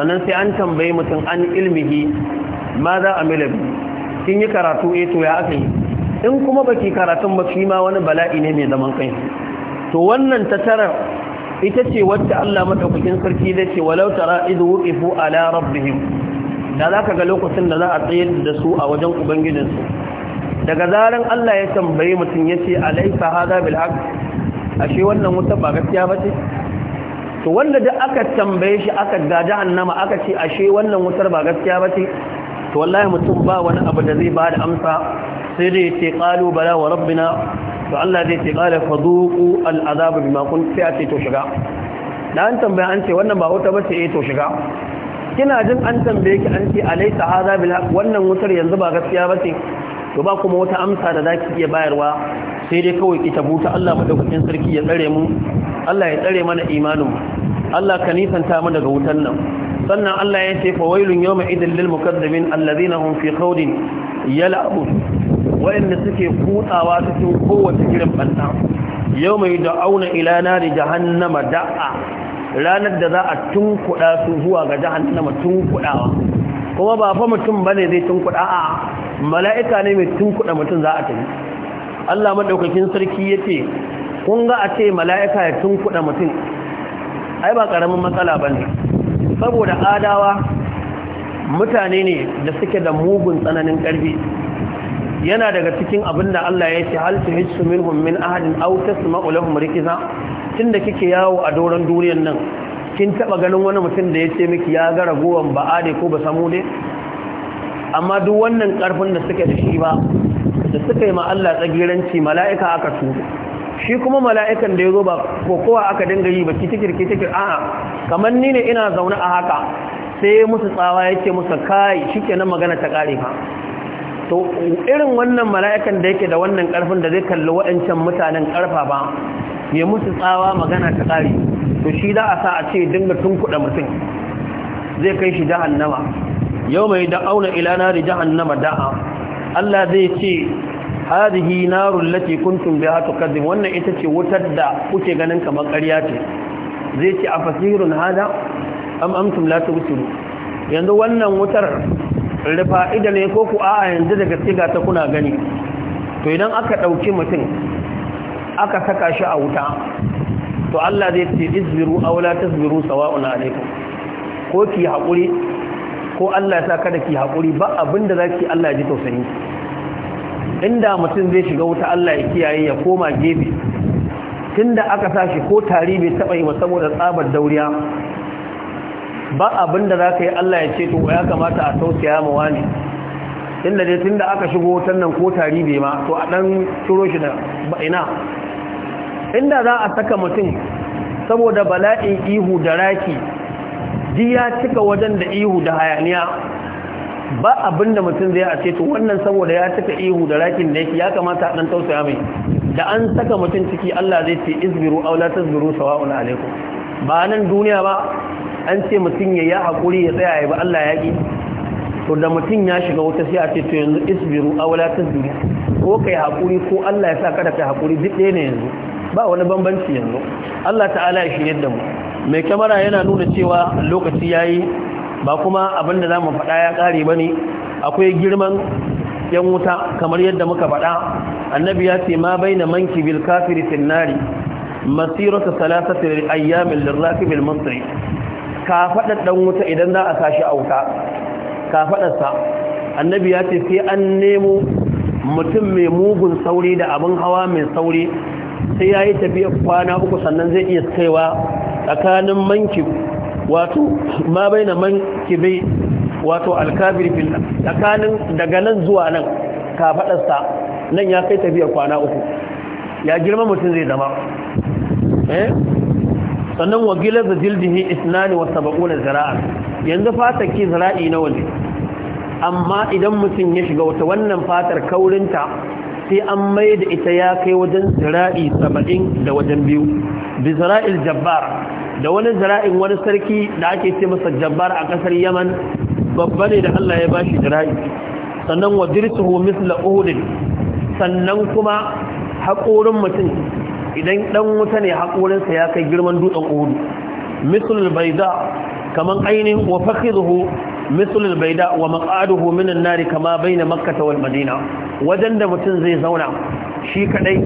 sannan sai an tambayi mutum an ilmihi ma za a milabi kin yi karatu eh to ya aka yi in kuma baki karatun ba shi ma wani bala'i ne mai zaman kai to wannan ta tara ita ce wacce Allah madaukakin sarki zai ce walau tara idu wuqifu ala rabbihim da ka ga lokacin da za a tsayar da su a wajen ubangijinsu daga zaran Allah ya tambayi mutum yace alaysa hada bil haqq ashe wannan wutan ba gaskiya ce? to wanda da aka tambaye shi aka ga jahannama aka ce ashe wannan wutar ba gaskiya ba ce to wallahi mutum ba wani abu da zai ba da amsa sai dai ce qalu bala wa rabbina to Allah zai ce qala fadhuqu al'azab bima kuntum sai a ce to shiga da an tambaya an ce wannan ba wuta ba ce eh to shiga kina jin an tambaye ki an ce alaysa hadha bil wannan wutar yanzu ba gaskiya ba ce to ba kuma wata amsa da zaki iya bayarwa sai dai kawai ki buta Allah madaukakin sarki ya tsare mu Allah ya tsare mana imanin mu Allah ka nisanta mu daga wutan nan sannan Allah ya ce fawailun yawma idil lil Allah alladhina hum fi khawdin yal'abun wa'anda suke kutsawa cikin kowace irin banta yawma yud'auna ila nari jahannama da'a ranar da za a tunkuda su zuwa ga jahannama tunkudawa kuma ba fa mutum bane zai tunkuda a mala'ika ne mai tunkuda mutum za a tafi Allah madaukakin sarki yace kun ga a ce mala'ika ya tunkuda mutum ai ba karamin matsala ba ne saboda adawa mutane ne da suke da mugun tsananin karfi yana daga cikin abin da Allah ya ce hal su hissu minhum min ahadin aw tasma'u lahum rikiza tunda kike yawo a doron duniyar nan kin taba ganin wani mutum da ya ce miki ya ga ragowan ba'ade ko ba samu ne amma duk wannan karfin da suke da shi ba da suka yi ma Allah tsagiranci mala'ika aka tuba shi kuma mala'ikan da ya zo ba kowa aka dinga yi ba kitikir kitikir a'a kamar ni ne ina zaune a haka sai musu tsawa yake musu kai shi shikenan magana ta ƙari ba. to irin wannan mala'ikan da yake da wannan ƙarfin da zai kalli waɗancan mutanen ƙarfa ba ya musu tsawa magana ta ƙari to shi za a sa a ce dinga tun kuɗa mutum zai kai shi jahannama yau mai da'auna ila nari jahannama da'a Allah zai ce hadhihi narul lati kuntum biha tukadzib wannan ita ce wutar da kuke ganin kamar ƙarya ce zai ce afasirun hada am amtum la tubsiru yanzu wannan wutar rufa idan ne ko ku a'a yanzu daga siga ta kuna gani to idan aka dauki mutum aka saka shi a wuta to Allah zai ce isbiru aw la tasbiru sawa'un alaykum ko ki haƙuri ko Allah ya sa kada ki hakuri ba abinda zaki Allah ya ji tausayi inda mutum zai shiga wuta Allah ya kiyaye ya koma gefe tunda aka sashi ko tari bai taba yi saboda tsabar dauriya ba abinda zaka yi Allah ya ce to ya kamata a tausaya ma wani inda dai tunda aka shigo wutan nan ko tari bai ma to a dan turo shi da ina inda za a saka mutum saboda bala'in ihu da raki ji ya cika wajen da ihu da hayaniya ba abin da mutum zai a ce to wannan saboda ya taka ihu da rakin da yake ya kamata a dan tausaya mai da an saka mutum ciki Allah zai ce izbiru aw la tazbiru sawa'un alaikum ba nan duniya ba an ce mutum ya hakuri ya tsaya ya ba Allah ya ki to da mutum ya shiga wata sai a ce to yanzu isbiru aw la tazbiru ko kai hakuri ko Allah ya sa kada kai hakuri duk ɗaya ne yanzu ba wani bambanci yanzu Allah ta'ala ya shirye da mu mai kamera yana nuna cewa lokaci yayi ba kuma abinda za mu faɗa ya ƙare ba ne akwai girman yan wuta kamar yadda muka faɗa annabi ya ce ma bai na manki bil kafiri sinnari masiru ta ta ayyamin lirrafi bil masri ka faɗa ɗan wuta idan za a sashi a wuta ka faɗarsa annabi ya ce sai an nemo mutum mai mugun sauri da abin hawa mai sauri sai ya yi tafiya kwana uku sannan zai iya kaiwa tsakanin manki wato ma baina man kibe wato alkabir tsakanin daga nan zuwa nan kafadarsa nan ya kai tafiya kwana uku ya girma mutum zai zama eh sannan wagilar da jildihi isnani wa saba'una zira'a yanzu fatar ki zira'i nawa ne amma idan mutum ya shiga wata wannan fatar kaurinta sai an mai da ita ya kai wajen zara'i saba'in da wajen biyu bi zara'il jabbar da wani zara'in wani sarki da ake ce masa jabbar a kasar yaman babba ne da Allah ya ba shi jira'i. sannan wa dirsuhu misla sannan kuma haƙorin mutum idan ɗan wuta ne haƙorinsa ya kai girman dutsen uhudu bai baida kamar ainihin wa fakhidhu bai baida wa maqaduhu minan nari kama bai na wal madina wajen da mutum zai zauna shi kaɗai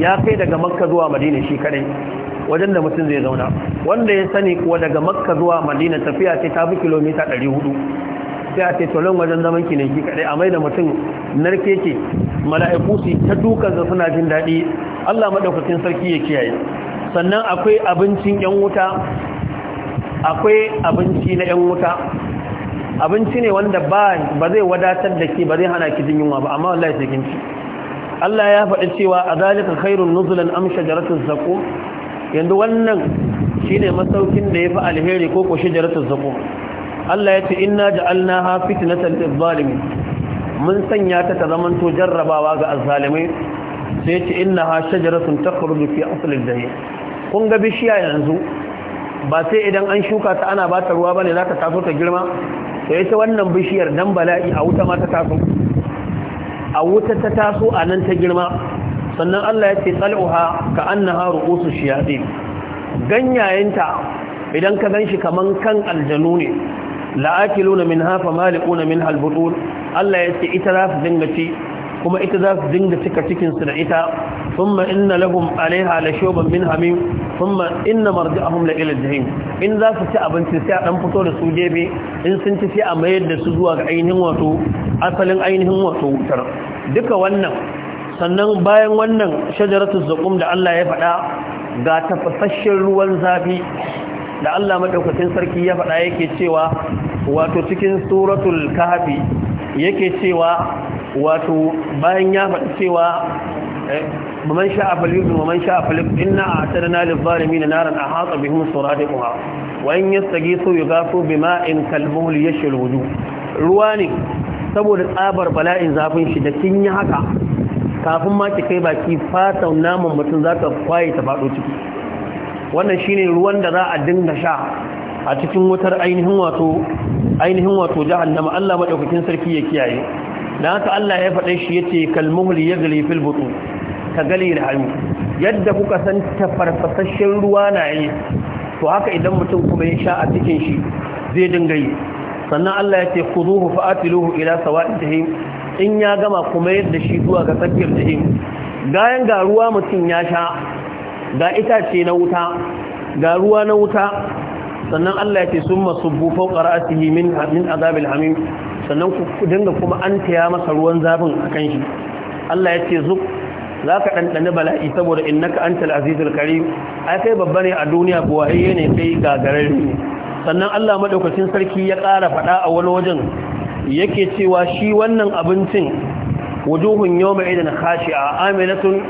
ya kai daga makka zuwa madina shi kaɗai. wajen da mutum zai zauna wanda ya sani kuwa daga makka zuwa madina tafiya ce ta fi kilomita 400 sai a ce tolon wajen zaman ki ne ki kadai a mai da mutum narke ke mala'iku su ta dukan suna jin daɗi allah maɗaukacin sarki ya kiyaye sannan akwai abincin yan wuta akwai abinci na yan wuta abinci ne wanda ba zai wadatar da ke ba zai hana ki jin ba amma wallahi sai kin ci Allah ya faɗi cewa a zalika khairun nuzulan am shajaratuz zaqum yanzu wannan shine masaukin da ya fi alheri ko ko shijaratul zaqum Allah yace inna ja'alnaha fitnatan lil zalimin mun sanya ta ta zamanto jarrabawa ga azzalimai sai yace innaha shajaratun takhruju fi asli al kun ga bishiya yanzu ba sai idan an shuka ta ana ba ta ruwa bane za ka taso ta girma ya ita wannan bishiyar dan bala'i a wuta ma ta taso a wuta ta taso a nan ta girma sannan Allah ya ce tsal'uha ka annaha ru'usu shiyadin ganyayenta idan ka ganshi kaman kan aljanu ne la'akiluna minha famalikuna minha albutun Allah ya ce ita za su dinga ci kuma ita za su dinga cika cikin su da ita thumma inna lahum alaiha la min hamim thumma inna marji'ahum la ila jahim in za su ci abinci sai a ɗan fito da su gebe in sun ci sai a mayar da su zuwa ga ainihin wato asalin ainihin wato wutar duka wannan sannan bayan wannan shajaratun zakum da Allah ya faɗa ga tafasasshen ruwan zafi da Allah madaukakin sarki ya faɗa yake cewa wato cikin suratul kahfi yake cewa wato bayan ya faɗi cewa eh, man sha'a falyuzum man sha'a falyub inna a'tadna lil zalimin naran ahata bihim suradiquha wa in yastaghithu yughafu bima'in kalmuhl yashil wujuh ruwa ne saboda tsabar bala'in zafin shi da kin yi haka kafin ma ki kai baki fatan naman mutum za ka kwaye ta faɗo ciki wannan shine ruwan da za a dinga sha a cikin wutar ainihin wato ainihin wato jahannama Allah madaukakin sarki ya kiyaye dan haka Allah ya faɗa shi yace kalmuhul yaghli fil butun ka gali da hannu yadda kuka san tafarfasashen ruwa na yi to haka idan mutum kuma ya sha a cikin shi zai dinga yi sannan Allah ya ce khuduhu fa'atiluhu ila sawa'il jahim in ya gama kuma yadda shi zuwa ga tsakiyar jihin gayan ga ruwa mutum ya sha ga itace na wuta ga na wuta sannan Allah ya ce sun masubbu fauka ra'asihi min min azabil hamim sannan ku dinga kuma an taya masa ruwan zafin kan shi Allah ya ce zuk ka ɗanɗani bala'i saboda in naka antal azizul karim ai kai babba ne a duniya buwaye ne kai gagararre ne sannan Allah madaukakin sarki ya ƙara faɗa a wani wajen yake cewa shi wannan abincin wujuhun yau mai idan khashi'a amilatun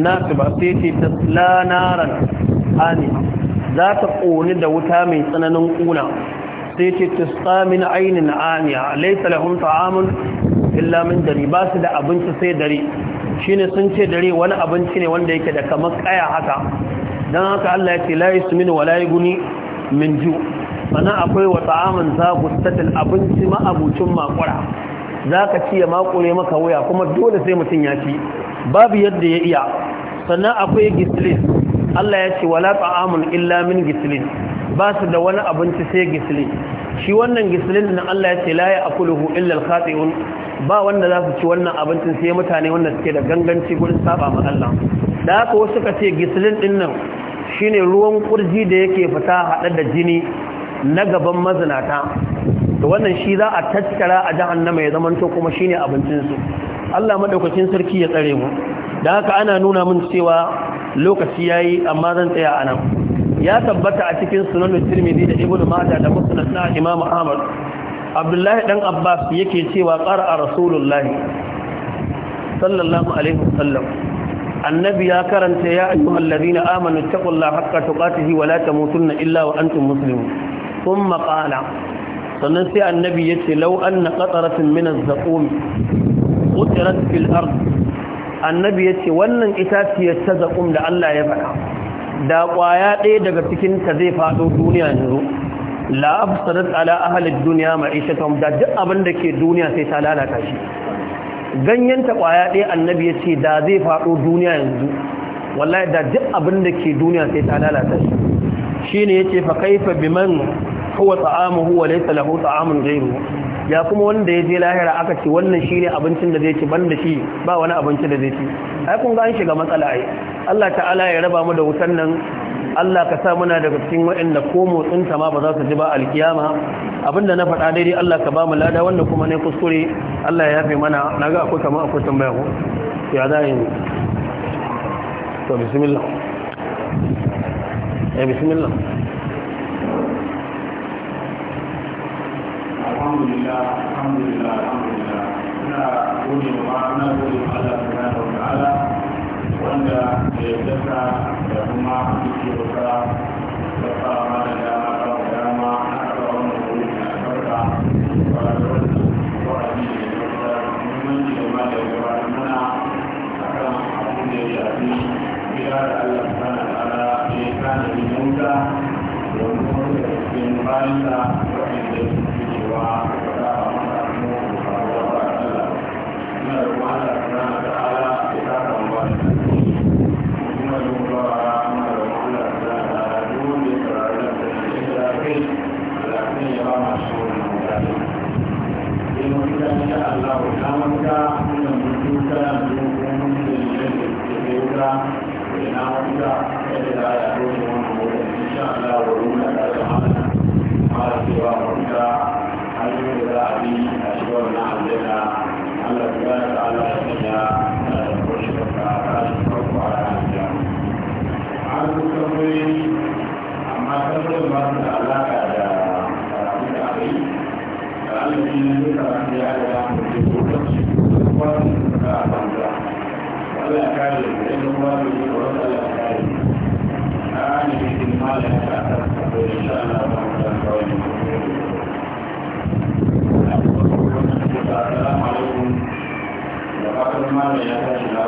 nasu ba sai ta lanaran ami za ta ƙoni da wuta mai tsananin ƙuna sai ce ta tsamin ainihin amiya laisa lahun ta'amun illa min dare ba su da abinci sai dare shi ne sun ce dare wani abinci ne wanda yake da kamar kaya haka don haka allah ya ce la su mini wa layi guni min ju sannan akwai wa ta'amun za abinci abucin makura za ka ci ya makure maka waya kuma dole sai mutum ya ci babu yadda ya iya sannan akwai gislin Allah ya ce wala ta'amun illa min gislin ba su da wani abinci sai gislin shi wannan gislin na Allah ya ce la ya akuluhu illa al-khati'un ba wanda za su ci wannan abincin sai mutane wanda suke da ganganci gurin saba ma Allah da haka wasu ka ce gislin din nan shine ruwan kurji da yake fita haɗe da jini na gaban mazinata da wannan shi za a tattara a jahannama ya zamanto kuma shine abincinsu Allah madaukakin sarki ya tsare mu da haka ana nuna mun cewa lokaci yayi amma zan tsaya anan ya tabbata a cikin sunan Tirmidhi da Ibn Majah da Musnad na Imam Ahmad Abdullahi dan Abbas yake cewa qara'a Rasulullahi sallallahu alaihi wasallam annabi ya karanta ya ayyuhallazina amanu taqullaha haqqa tuqatihi wa la tamutunna illa wa antum muslimun sun maƙala sannan sai annabi ya ce lau an na ƙasarafin minas zaƙomi ƙudirar fil'ar annabi ya ce wannan itaciyar ta zaƙum da allah ya faɗa da ƙwaya ɗaya daga cikinta zai faɗo duniya yanzu la'absadat ala ahalin duniya ma'aishatan da duk abin da ke duniya sai ta lalata shi ganyenta ƙwaya ɗaya annabi ya ce da zai faɗo duniya yanzu wallahi da duk abin da ke duniya sai ta lalata shi Shi ne ya ce fa kaifa biman huwa ta'amuhu wa laysa lahu ta'amun ghayruhu ya kuma wanda ya je lahira aka ce wannan shine abincin da zai ci banda shi ba wani abinci da zai ci ai kun ga an shiga matsala ai Allah ta'ala ya raba mu da wutan nan Allah ka sa muna daga cikin waɗanda ko motsin ta ma ba za su ji ba alkiyama abinda na faɗa daidai Allah ka ba mu lada wanda kuma ne kuskure Allah ya yafe mana naga akwai kamar akwai tambaya ko ya za yi to bismillah eh bismillah alhamdulillah alhamdulillah alhamdulillah ina gode wa ina wanda ya da kuma yake wata da fara mana dama ba dama na da wannan wa'adi da ya fara muhimmanci da da ya fara Allah.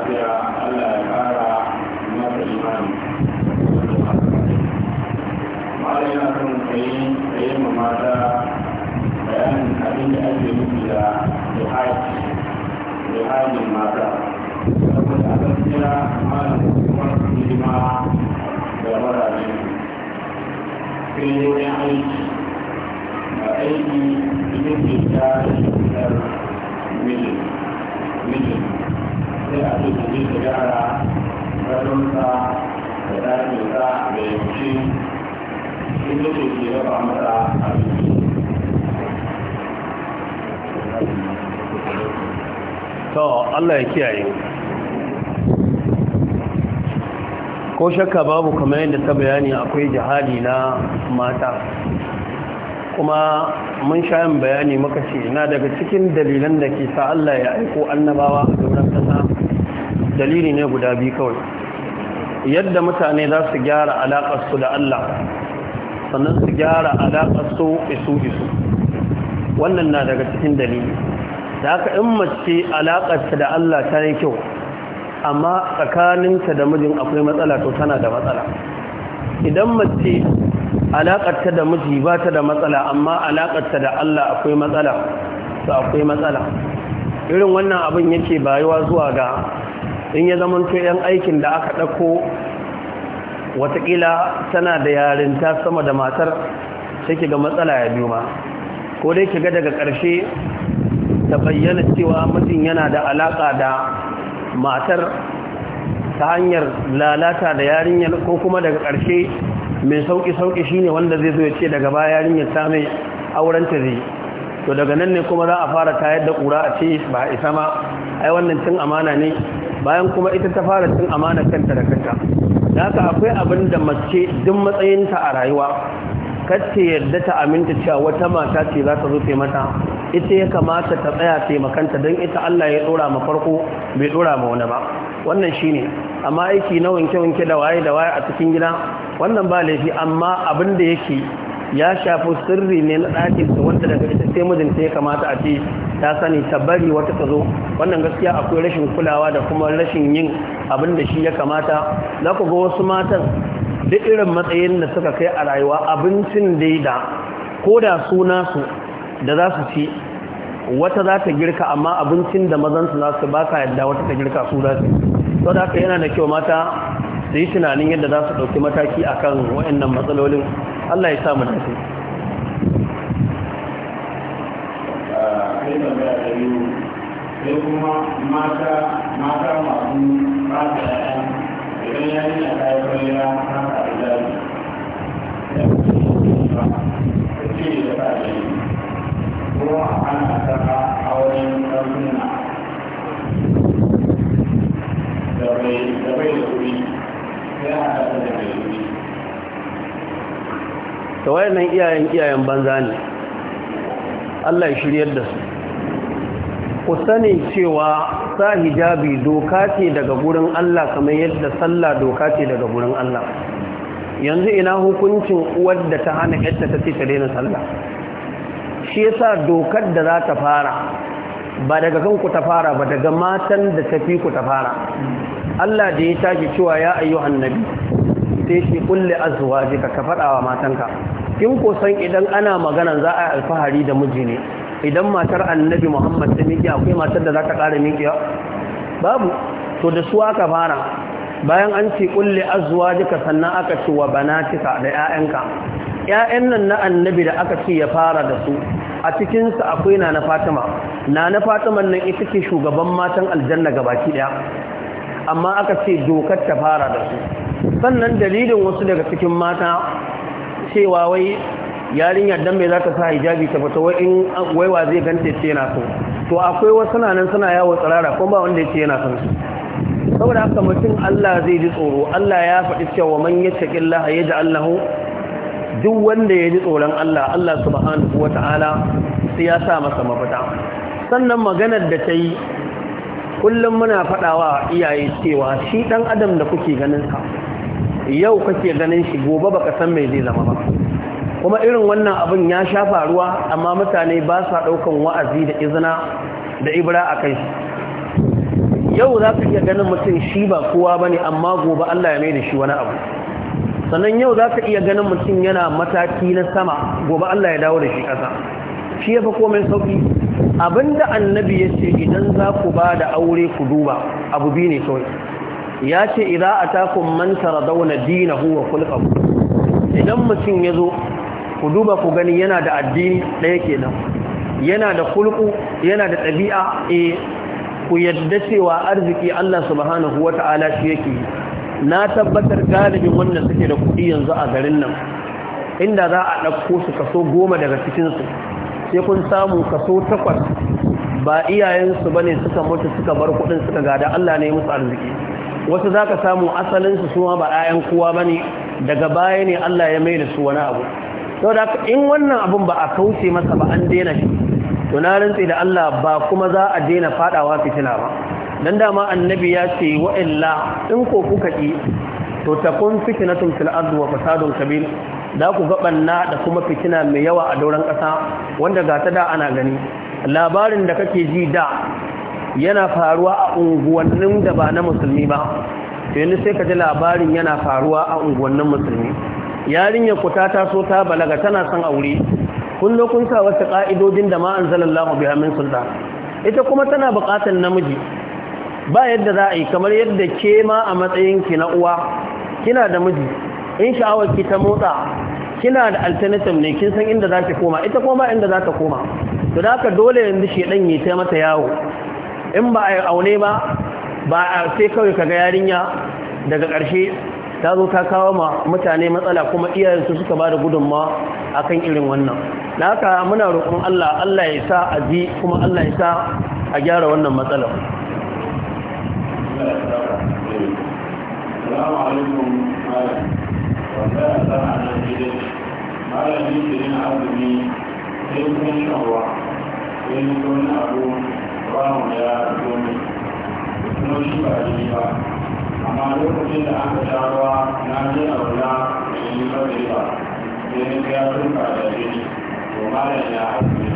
lafiya allah ya kara masa imani ma mata bayanin abin da ake nufi da jihadi jihadin mata saboda a da aiki aiki sai a ce su da yara radonsa da dakinsa da yaushe sun da ke raba masa abinci to Allah ya kiyaye ko shakka babu kamar yadda ta bayani akwai jihadi na mata kuma mun sha yin bayani muka ce na daga cikin dalilan da ke sa Allah ya aiko annabawa a dalili ne guda biyu kawai yadda mutane za su gyara alaƙarsu da Allah sannan su gyara alaƙarsu isu isu wannan na daga cikin dalili da haka in mace alaƙarta da Allah ta yi kyau amma tsakaninta da mijin akwai matsala to tana da matsala idan mace alaƙarta da miji ba ta da matsala amma alaƙarta da Allah akwai matsala to akwai matsala irin wannan abin yake bayuwa zuwa ga in ya zama to yan aikin da aka ɗauko watakila tana da yarinta sama da matar take ga matsala ya biyu ma ko dai kiga daga ƙarshe ta bayyana cewa mutum yana da alaƙa da matar ta hanyar lalata da yarinyar ko kuma daga ƙarshe mai sauƙi-sauƙi shine wanda zai zo ya ce daga baya yarinyar ta mai aurenta zai to daga nan ne kuma za a fara tayar da ƙura a ce ba a isa ma ai wannan cin amana ne bayan kuma ita ta fara cin amana kanta da kanta da haka akwai abin da mace duk matsayinta a rayuwa kacce yarda ta aminta cewa wata mata ce za ta zo rufe mata ita ya kamata ta tsaya taimakanta don ita Allah ya dora ma farko bai dora ma wani ba wannan shine amma aiki na wanke-wanke da waye da waye a cikin gida wannan ba laifi amma abin da yake ya shafi sirri ne na ɗakin wanda daga ita sai mijinta ya kamata a ce ta sani ta bari wata ta zo wannan gaskiya akwai rashin kulawa da kuma rashin yin abin da shi ya kamata za ku ga wasu matan duk irin matsayin da suka kai a rayuwa abincin da da ko da suna su da za su ci wata za ta girka amma abincin da mazansu za su ba ka yadda wata ta girka su za su so da haka yana da kyau mata su yi tunanin yadda za su ɗauki mataki akan waɗannan matsalolin allah ya samu dace sai tambaya da biyu sai kuma mata mata masu rasa yaya idan ya yi na kayan kwalliya ta faru da ce da ta ce ko ana saka a wajen ɗaukuna da bai da kuɗi sai a haɗa da bai kuɗi ta wayannan iyayen iyayen banza ne Allah ya shiryar da su ku sani cewa sa hijabi doka ce daga gurin Allah kamar yadda sallah doka ce daga gurin Allah yanzu ina hukuncin uwar ta hana yadda ta ce ta daina sallah shi yasa dokar da za ta fara ba daga kan ku ta fara ba daga matan da tafi ku ta fara Allah da ya tashi cewa ya ayyu annabi sai shi kulli azwajika ka fada wa matanka kin ko san idan ana magana za a yi alfahari da miji ne idan matar annabi muhammad ta miƙe akwai matar da za ta ƙara miƙewa babu to da su aka fara bayan an ce ƙulle azuwa duka sannan aka ce wa bana banatika da 'ya'yanka 'ya'yan nan na annabi da aka ce ya fara da su a cikinsa akwai na na fatima na na fatima nan ita ce shugaban matan aljanna ga baki ɗaya amma aka ce dokar ta fara da su sannan dalilin wasu daga cikin mata cewa wai yarinyar dan mai zaka sa hijabi ta fita wai in waiwa zai ganta ce yana so to akwai wasu nan suna yawo tsarara kuma ba wanda yake yana son su saboda haka mutum Allah zai ji tsoro Allah ya faɗi cewa man yattaqillaha da Allahu, duk wanda ya ji tsoron Allah Allah subhanahu wata'ala sai ya sa masa mafita sannan maganar da ta yi kullum muna faɗawa iyaye cewa shi ɗan adam da kuke ganin sa yau kake ganin shi gobe baka san me zai zama ba kuma irin wannan abin ya sha faruwa amma mutane ba sa ɗaukan wa'azi da izina da ibra a kai yau za ka iya ganin mutum shi ba kowa ba ne amma gobe Allah ya mai da shi wani abu sannan yau za ka iya ganin mutum yana mataki na sama gobe Allah ya dawo da shi ƙasa shi ya fi komai sauƙi abinda annabi ya ce idan za ku ba da aure ku duba abu bi ne kawai ya ce idan a takun manta zaune dina huwa kulkahu idan mutum ya zo ku duba ku gani yana da addini ɗaya kenan yana da kulku yana da ɗabi'a e ku yadda cewa arziki Allah subhanahu wata'ala shi yake na tabbatar galibin wannan suke da kuɗi yanzu a garin nan inda za a ɗauko su kaso goma daga cikinsu sai kun samu kaso takwas ba iyayensu ba ne suka mutu suka bar kuɗin suka gada Allah ne musu arziki wasu za ka samu asalinsu su ma ba 'ya'yan kowa ba ne daga baya ne Allah ya mai da su wani abu to da in wannan abun ba a kauce masa ba an daina shi to na rantsi da Allah ba kuma za a daina fadawa fitina ba dan dama annabi ya ce wa illa in ko kuka ki to takun fitnatun fil ard wa fasadun kabir da ku ga banna da kuma fitina mai yawa a dauran kasa wanda ga ta da ana gani labarin da kake ji da yana faruwa a unguwannin da ba na musulmi ba to yanzu sai ka ji labarin yana faruwa a unguwannin musulmi yarinyar ku ta taso ta balaga tana son aure kun kun sa wasu ka'idodin da ma anzalallahu biya min sulta ita kuma tana buƙatar namiji ba yadda za a yi kamar yadda ke ma a matsayin ki na uwa kina da miji in sha'awar ki ta motsa kina da alternative ne kin san inda za ki koma ita kuma inda za ta koma to da haka dole yanzu shi shedan yi ta mata yawo in ba a aure ba ba a sai kawai kaga yarinya daga ƙarshe ta zo ta kawo ma mutane matsala kuma iyayensu suka ba da gudunma a kan irin wannan na haka muna roƙon Allah Allah ya sa a ji kuma Allah ya sa a gyara wannan matsalar Thank ba. amma lokacin da aka sha ruwa na ji a kula da yi kawai ba sai na ya turka da jini to ya haske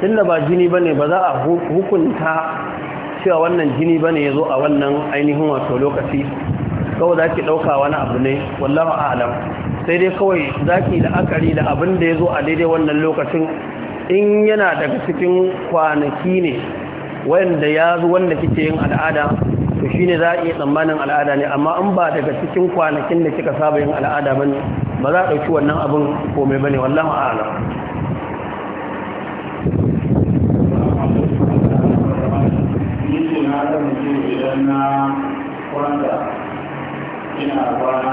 tun da ba jini ba ne ba za a hukunta cewa wannan jini ba ne ya zo a wannan ainihin wato lokaci kawai za ki ɗauka wani abu ne wallawa alam sai dai kawai za ki la'akari da abin da ya zo a daidai wannan lokacin in yana daga cikin kwanaki ne wanda ya zo wanda kike yin al'ada to shine za a iya tsammanin al'ada ne amma an ba daga cikin kwanakin da kika saba yin al'ada bane ba za a ɗauki wannan abin komai bane wallahi a'lam ina kwana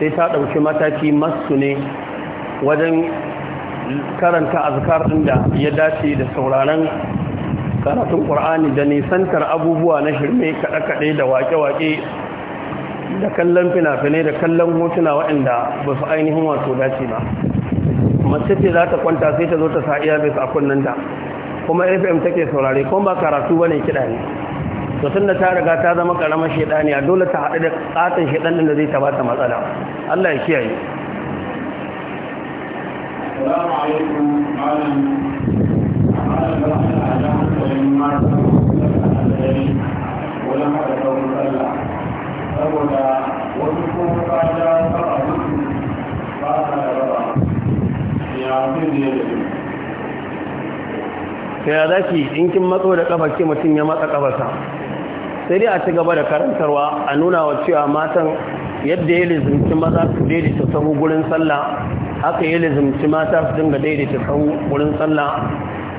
sai ta ɗauki mataki masu ne wajen karanta azkar ɗin da ya dace da sauraron karatun ƙur'ani da nisantar abubuwa na shirme kaɗe-kaɗe da waƙe-waƙe da kallon fina-finai da kallon hotuna waɗanda ba su ainihin wato dace ba mace ce za ta kwanta sai ta zo ta sa iya bai a kunnanta kuma fm take saurare kuma ba karatu ba ne kiɗa ne to tunda ta riga ta zama karamar a dole ta haɗu da katin shedan da zai taba ta matsala Allah ya kiyaye Assalamu alaikum malam ya zaki in kin matso da kafa ke mutum ya matsa ƙafarsa? sai dai a ci gaba da karantarwa a nuna wa cewa matan yadda ya lizimci maza su daidaita sahu gurin sallah haka ya lizimci mata su dinga daidaita sahu gurin sallah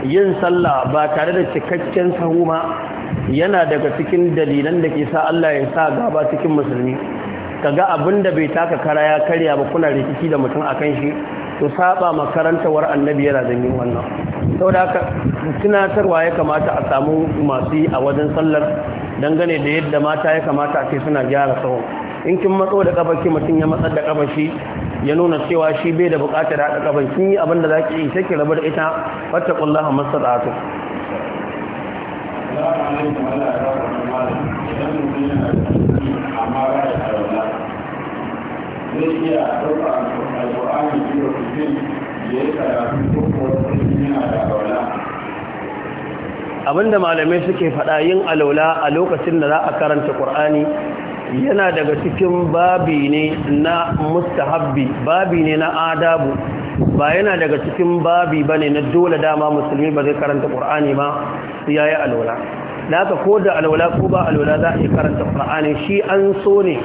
yin sallah ba tare da cikakken sahu ma yana daga cikin dalilan da ke sa Allah ya sa gaba cikin musulmi kaga abin da bai taka kara ya karya ba kuna rikici da mutum akan shi to saba makarantawar annabi yana da yin wannan saboda haka tunatarwa ya kamata a samu masu a wajen sallar dangane da yadda mata ya kamata a ce suna gyara tsawo in kin matso da ki mutum ya matsar da shi ya nuna cewa shi bai da bukatar haɗa kafar kin yi abin da za ki yi sai ki rabu da ita wata kullaha masar a to zai iya ɗauka biyu da ya karatu ko yana abinda malamai suke faɗa yin alaula a lokacin da za a karanta qur'ani yana daga cikin babi ne na mustahabbi babi ne na adabu ba yana daga cikin babi bane na dole dama musulmi ba zai karanta qur'ani ma su yayi alaula da ko da alaula ko ba alaula za a yi karanta qur'ani. shi an so ne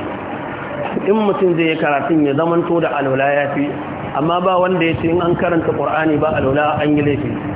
in mutum zai yi karatun ya zamanto da alaula ya fi amma ba wanda ya ci in an karanta ƙur'ani ba alaula an yi laifi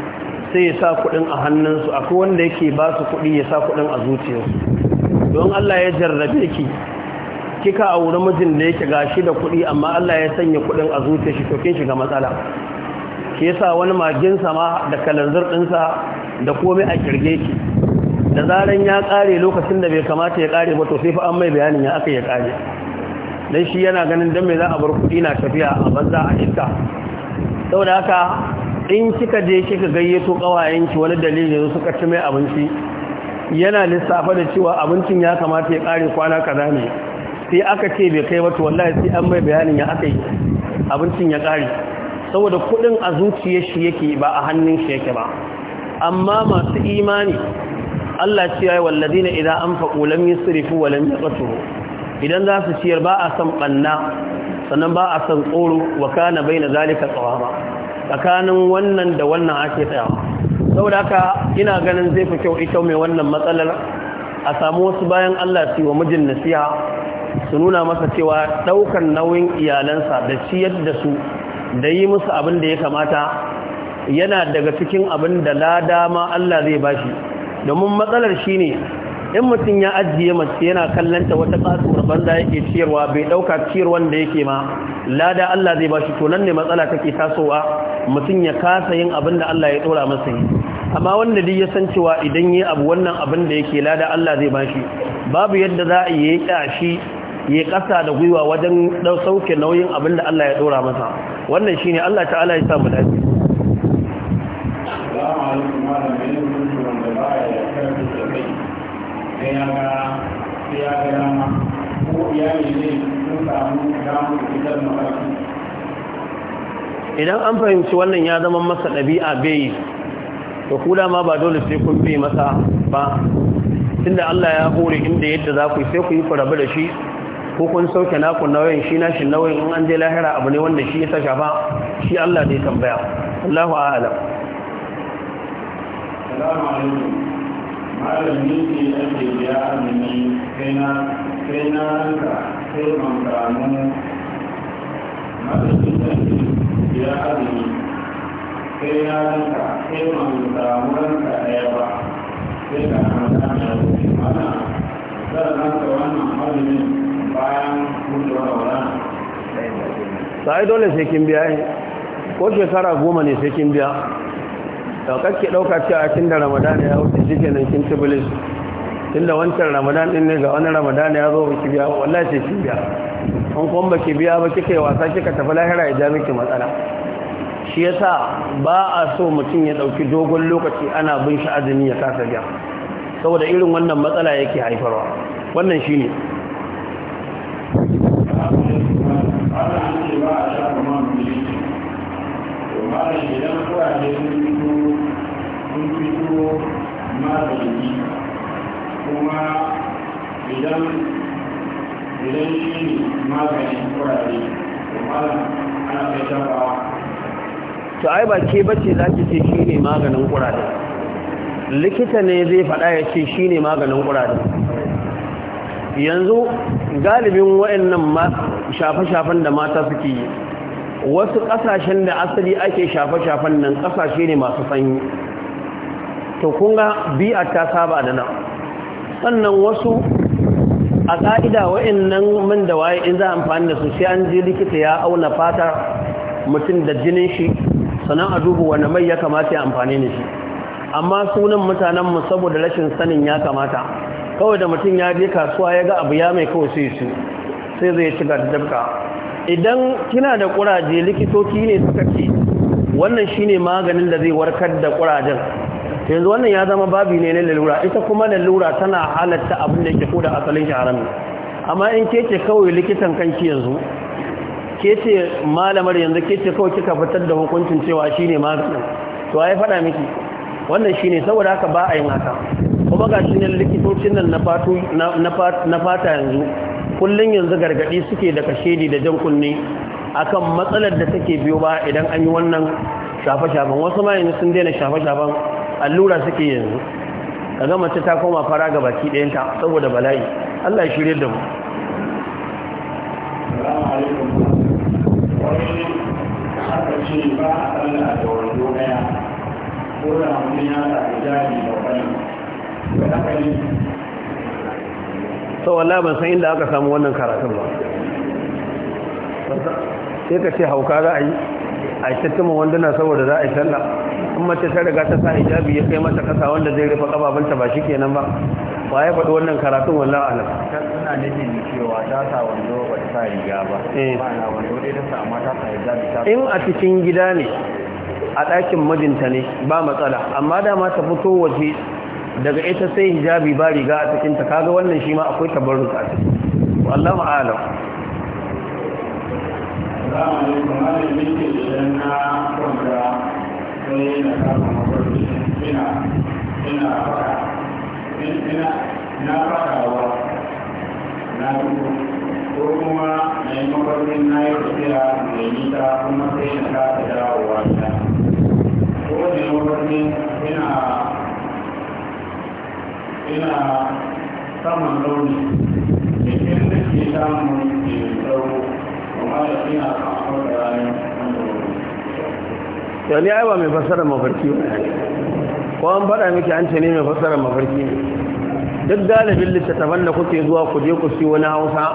sai ya sa kuɗin a hannunsu akwai wanda yake ba su kuɗi ya sa kuɗin a zuciyarsu don Allah ya jarrabe ki kika a wurin mijin da yake gashi da kuɗi amma Allah ya sanya kuɗin a zuciyar shi to kin shiga matsala shi yasa wani magin ma da kalanzir ɗinsa da komai a kirge ki da zaran ya kare lokacin da bai kamata ya kare ba to sai fa an mai bayanin ya aka ya kare dan shi yana ganin dan me za a bar kuɗi na tafiya a banza a iska saboda haka in kika je kika gayyato kawayenki wani dalili da suka ci mai abinci yana lissafa da cewa abincin ya kamata ya kare kwana kaza ne sai aka ce bai kai wato wallahi sai an mai bayanin ya aka yi abincin ya kare saboda kudin a zuciyar shi yake ba a hannun shi yake ba amma masu imani Allah ce ya yi wallazina idan an faƙo lam yusrifu wa lam idan za su ciyar ba a san banna sannan ba a san tsoro wa kana na zalika ba. tsakanin wannan da wannan ake tsayawa sau da haka ina ganin zai fi kyau ita mai wannan matsalar a samu wasu bayan Allah su wa mijin nasiha su nuna masa cewa ɗaukar nauyin iyalansa da ciyar da su da yi musu abin da ya kamata yana daga cikin abin da lada ma Allah zai bashi domin matsalar shi ne. in mutum ya ajiye mace yana kallanta wata kasuwar banza yake ciyarwa bai ɗauka ciyarwar da yake ma lada Allah zai bashi to nan ne matsala take tasowa mutum ya kasa yin abin da Allah ya dora masa yi amma wanda duk ya san cewa idan yi abu wannan abin da yake lada Allah zai ba bashi babu yadda za a yi kyashi ya kasa da gwiwa wajen dau sauke nauyin abin da Allah ya dora masa wannan shine Allah ta'ala ya samu lafiya idan an fahimci wannan ya zama masa ɗabi'a bai to kula ma ba dole sai kun bi masa ba tunda Allah ya hore inda yadda za ku yi sai ku yi farabi da shi ko kun sauke naku nauyin shi na shi nauyin in an je lahira abu ne wanda shi ya sa shafa shi Allah zai tambaya Allahu a'lam Assalamu alaikum malami ne ake biya azumi sai na sai ranka sai ban samu malami ne biya azumi sai na ranka sai ban samu ranka ɗaya ba sai ka hanta mai rufi mana zan ranka wannan azumin bayan mutuwar wannan sai dole sai kin biya eh. ko shekara goma ne sai kin biya kake dauka cewa tun da ramadan ya wuce jike nan kin tun da wancan ramadan din ne ga wani ramadan ya zo ki biya wallahi sai ki biya an kuma baki biya ba kika wasa kika tafi lahira ya ja miki matsala shi yasa ba a so mutum ya dauki dogon lokaci ana bin shi azumi ya kasa biya saboda irin wannan matsala yake haifarwa wannan shine ne malam idan kuraje sun fito sun fito magani kuma idan idan shi ne maganin kuraje to malam ana kai shafawa to ai ba ke bace za ki ce shi ne maganin kuraje likita ne zai faɗa ya ce shi ne maganin kuraje yanzu galibin wa'annan shafe-shafen da mata suke yi wasu kasashen da asali ake shafe shafan nan kasashe ne masu sanyi to kunga bi'a ta saba da nan sannan wasu a ƙa'ida wa'annan min da waye in za a amfani da su sai an je likita ya auna fata mutum da jinin shi sannan a dubu wani mai ya kamata ya amfani da shi amma sunan mutanen mu saboda rashin sanin ya kamata kawai da mutum ya je kasuwa ya ga abu ya mai kawai sai su sai zai da gardabka idan kina da kuraje likitoci ne suka ce wannan shine maganin da zai warkar da kurajen yanzu wannan ya zama babi ne na lalura ita kuma lalura tana halatta abin da ke ko da asalin shi amma in ke ce kawai likitan kanki yanzu ke ce malamar yanzu ke ce kawai kika fitar da hukuncin cewa shine maganin to ai faɗa miki wannan shine saboda haka ba a yin haka kuma ga shi ne likitocin nan na fata yanzu kullun yanzu gargadi suke da shedi da jan kunne akan matsalar da take biyo ba idan an yi wannan shafe-shafen wasu ma yanzu sun daina shafe-shafen allura suke yanzu kaga mace ta koma fara ga baki ɗayanta saboda bala'i Allah ya shirye da mu ko da mutum ya sau wala ban san inda aka samu wannan karatun ba sai ka ce hauka za a yi a tattama wanduna saboda za a yi talla in mace ta riga ta sa hijabi ya kai mata kasa wanda zai rufe kababanta ba shi nan ba ba ya faɗi wannan karatun wallah alam suna nufin cewa ta sa wando ba ta sa riga ba eh. ba na wando dai ta sa amma ta sa hijabi ta in a cikin gida ne a ɗakin mijinta ne ba matsala amma dama ta fito waje daga ita sai hijabi ba riga a cikin ta kaga wannan shi ma akwai tabarruka a ciki wallahu a'lam na fadawa na ko kuma na yi na yi mai kuma sai na dawowa ta ko ne ina ina saman launi cikin da ke samun ke tsawo kuma da ina kamar da ranar yau ni aiwa mai fassara mafarki ko an faɗa miki an ce ne mai fassara mafarki ne duk galibin littattafan da kuke zuwa ku je ku si wani hausa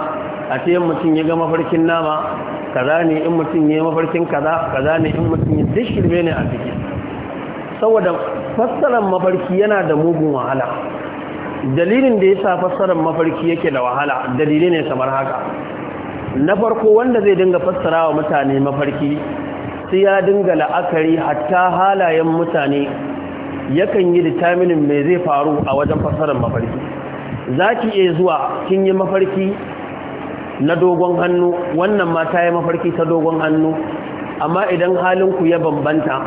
a ce mutum ya ga mafarkin nama kaza ne in mutum ya mafarkin kaza kaza ne in mutum ya duk shirme ne a ciki saboda fassarar mafarki yana da mugun wahala dalilin da ya sa fassarar mafarki yake da wahala dalilai ne kamar haka na farko wanda zai dinga fassara wa mutane mafarki sai ya dinga la'akari hatta halayen mutane yakan yi determinin mai zai faru a wajen fassarar mafarki za ki iya zuwa kin yi mafarki na dogon hannu wannan mata ta yi mafarki ta dogon hannu amma idan halinku ya bambanta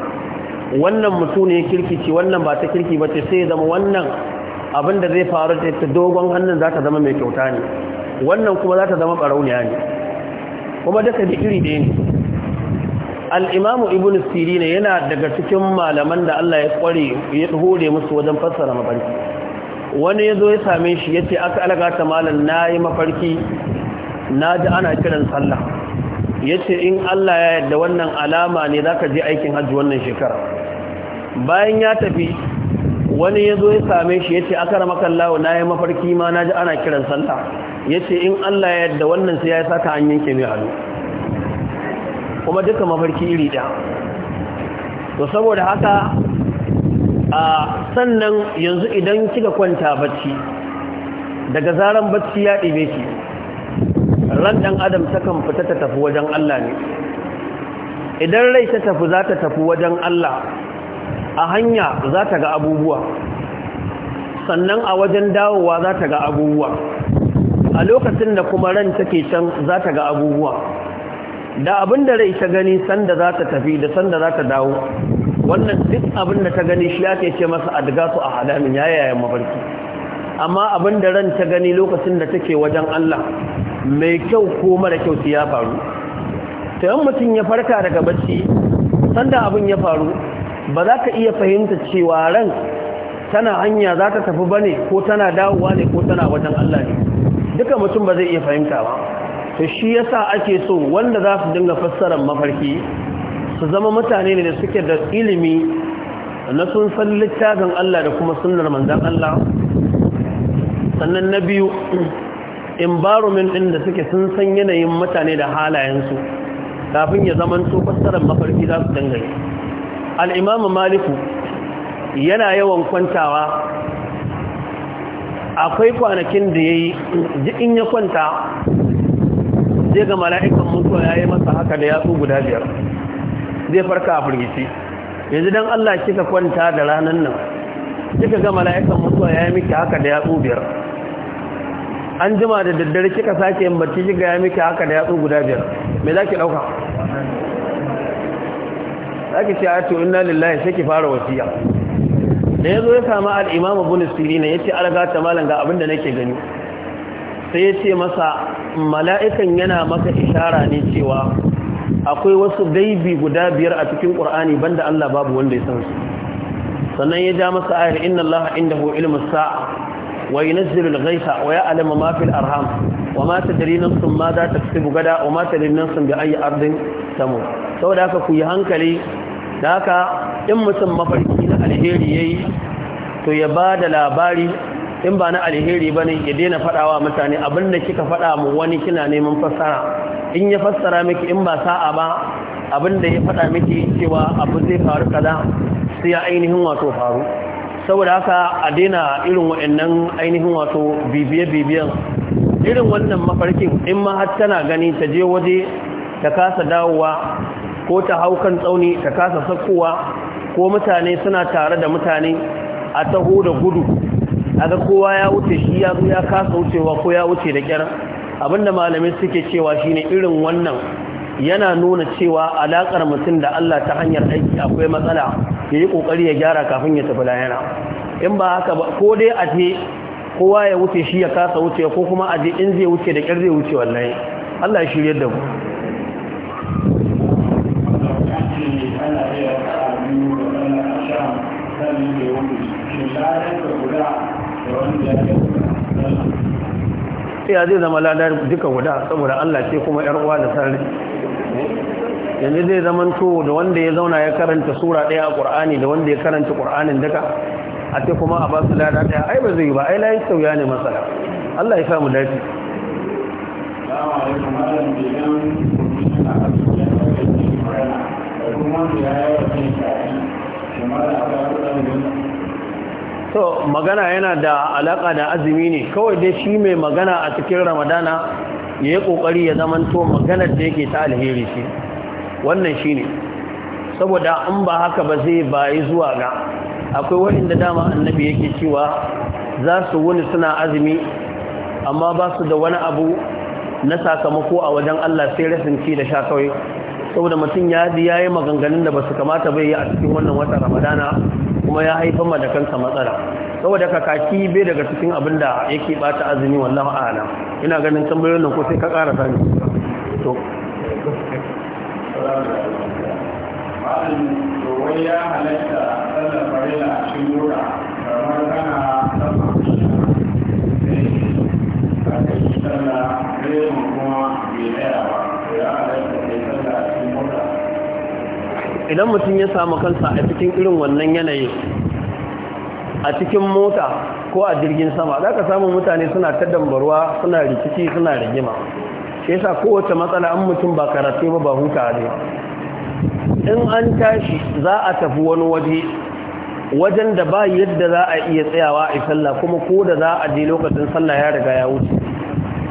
wannan mutu ne kirki wannan ba ta kirki ba ce sai zama wannan abin da zai faru da ta dogon hannun za ta zama mai kyauta ne wannan kuma za ta zama ɓarauniya ne kuma duka da iri ɗaya ne al'imamu ibn siri ne yana daga cikin malaman da Allah ya kware ya hore musu wajen fassara mafarki wani ya zo ya same shi ya ce aka ta malam na yi mafarki na ji ana kiran sallah ya ce in Allah ya yadda wannan alama ne za ka je aikin hajji wannan shekara bayan ya tafi wani ya zo ya same shi ya ce aka rama kallawa na yi mafarki ma na ji ana kiran sallah ya ce in Allah ya yadda wannan sai ya yi saka an yanke mai hannu kuma duka mafarki iri ɗaya to saboda haka a sannan yanzu idan kika kwanta bacci daga zaren bacci ya ɗebe ki ran ɗan adam takan fita ta tafi wajen Allah ne idan rai ta tafi za ta tafi wajen Allah a hanya za ta ga abubuwa sannan a wajen dawowa za ta ga abubuwa a lokacin da kuma ran take can za ta ga abubuwa da abin da rai ta gani sanda za ta tafi da sanda za ta dawo wannan duk abin da ta gani shi ake ce masa adgasu a hadamin ya mafarki amma abin da ran ta gani lokacin da take wajen Allah mai kyau ko mara kyau su ya faru ta mutum ya farka daga bacci sanda abin ya faru ba za ka iya fahimta cewa ran tana hanya za ta tafi bane ko tana dawowa ne ko tana wajen Allah ne duka mutum ba zai iya fahimta ba to shi yasa ake so wanda za su dinga fassarar mafarki su zama mutane ne da suke da ilimi na sun san littafin Allah da kuma sunnar manzan Allah sannan na biyu environment din da suke sun san yanayin mutane da halayensu kafin ya zaman to fassarar mafarki za su dangane al'imamu maliku yana yawan kwantawa akwai kwanakin da ya yi in ya kwanta zai ga mala'ikan mutuwa ya yi masa haka da yatsu guda biyar zai farka a firgici yanzu don allah kika kwanta da ranar nan kika ga mala'ikan mutuwa ya yi miki haka da yatsu biyar an jima da daddare kika sake yin bacci kika ya miki haka da yatsu guda biyar me za ki ɗauka ake ce a inna lillahi sai ki fara wasiya da yazo ya sami al imamu ibn sirin ce alga ta malan ga abinda nake gani sai yace masa mala'ikan yana maka ishara ne cewa akwai wasu gaibi guda biyar a cikin qur'ani banda Allah babu wanda ya san su sannan ya ja masa ayar inna allaha indahu ilmus sa'a وينزل الغيث ويعلم ما في الأرحام وما تدري نفس ماذا تكسب غدا وما تدري نفس بأي أرض تموت سو haka in mutum mafarki na alheri مفرقي نا الهيري يي تو يباد لاباري in ba na alheri ba ne ya daina fadawa mutane abinda kika fada mu wani kina neman fassara in ya fassara miki in ba sa'a ba abinda ya fada miki cewa abu zai faru kaza sai ya ainihin wato faru saboda haka a daina irin waɗannan ainihin wato bibiye-bibiyen irin wannan mafarkin in ma har tana gani ta je waje ta kasa dawowa ko ta hau kan tsauni ta kasa sakkowa ko mutane suna tare da mutane a taho da gudu aga kowa ya wuce shi ya zo ya kasa wucewa ko ya wuce da kyar abinda malamai suke cewa shine irin wannan yana nuna cewa alaƙar mutum da Allah ta hanyar aiki akwai matsala ya yi ƙoƙari ya gyara kafin ya tafi lahira in ba haka ba ko dai a je kowa ya wuce shi ya kasa wuce ko kuma a je in zai wuce da ƙyar zai wuce wallahi Allah ya shirye da mu Thank you. ya zai zama lada duka guda saboda Allah ce kuma yar uwa da sarari yanzu zai zama to da wanda ya zauna ya karanta sura daya a ƙur'ani da wanda ya karanta ƙur'anin duka a ce kuma a ba su lada daya ai ba zai ba ai layi sauya ne matsala Allah ya samu dafi dace kuma ya yi da to magana yana da alaka da azumi ne kawai dai shi mai magana a cikin ramadana ya yi kokari ya zamanto magana da yake ta alheri shi wannan shi ne saboda an ba haka ba zai bayi zuwa ga akwai wani da dama annabi yake cewa za su wuni suna azumi amma ba su da wani abu na sakamako a wajen Allah sai rasin ci da sha kawai saboda mutum ya yi maganganun da ba su kamata bai yi a cikin wannan wata ramadana kuma ya haifar ma da kansa matsala saboda ka kaki bai daga cikin abin da yake bata azumi wallahu a'lam ina ganin tambayoyin nan ko sai ka ƙara sani to ya halatta a cikin idan mutum ya samu kansa a cikin irin wannan yanayi a cikin mota ko a jirgin sama za ka samu mutane suna ta dambarwa suna rikici suna rigima shi yasa kowace matsala an mutum ba karatu ba ba huta ne in an tashi za a tafi wani waje wajen da ba yadda za a iya tsayawa a sallah kuma ko da za a je lokacin sallah ya riga ya wuce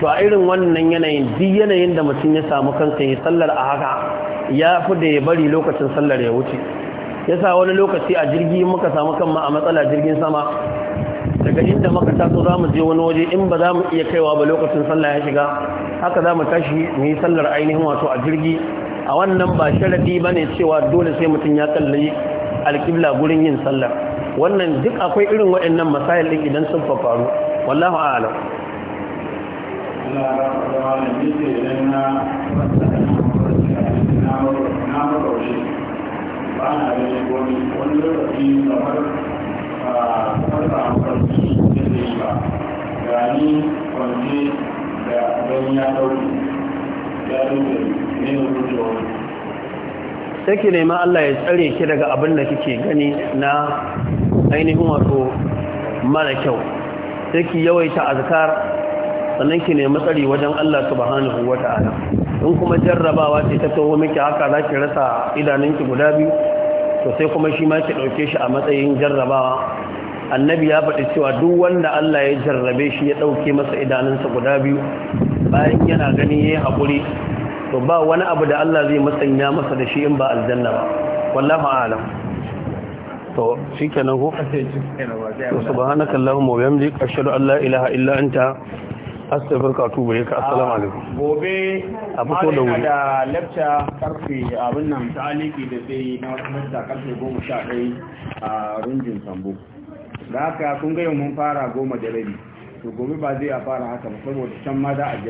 to a irin wannan yanayin duk yanayin da mutum ya samu kansa ya sallar a haka ya fi da ya bari lokacin sallar ya wuce yasa wani lokaci a jirgi muka samu ma a matsala jirgin sama daga inda muka taso za mu je wani waje in ba za mu iya kaiwa ba lokacin sallar ya shiga haka za mu tashi mu yi sallar ainihin wato a jirgi a wannan ba sharadi ba ne cewa dole sai mutum ya tsallaye alƙibla gurin yin sallar wannan duk akwai irin waɗannan masayar ɗin idan sun faru wallahu a'alam na makaushe ba na da shi wani wani lokaci kamar a fasa hankalci da zai yi ba gani kwanci da gani ya ɗauki ya ɗauki ne na rufe wani sai ki nema Allah ya tsare ki daga abin da kike gani na ainihin wato mara kyau sai ki yawaita azkar sannan ki ne matsari wajen Allah subhanahu wa ta'ala in kuma jarrabawa ce ta taho miki haka za ki rasa idanunki guda biyu to sai kuma shi ma ki ɗauke shi a matsayin jarrabawa annabi ya faɗi cewa duk wanda Allah ya jarrabe shi ya ɗauke masa idanunsa guda biyu bayan yana gani ya yi haƙuri to ba wani abu da Allah zai masanya masa da shi in ba aljanna ba wallahu a'lam to wa bihamdika ashhadu an la ilaha illa astagfirka tuba yake assalamu ah, alaikum gobe a da wuri da lecture karfe abin nan taliki da sai na wasu mata karfe ɗaya a runjin sambo da haka kun ga mun fara goma da rabi to gobe ba zai a fara haka ba saboda can ma za a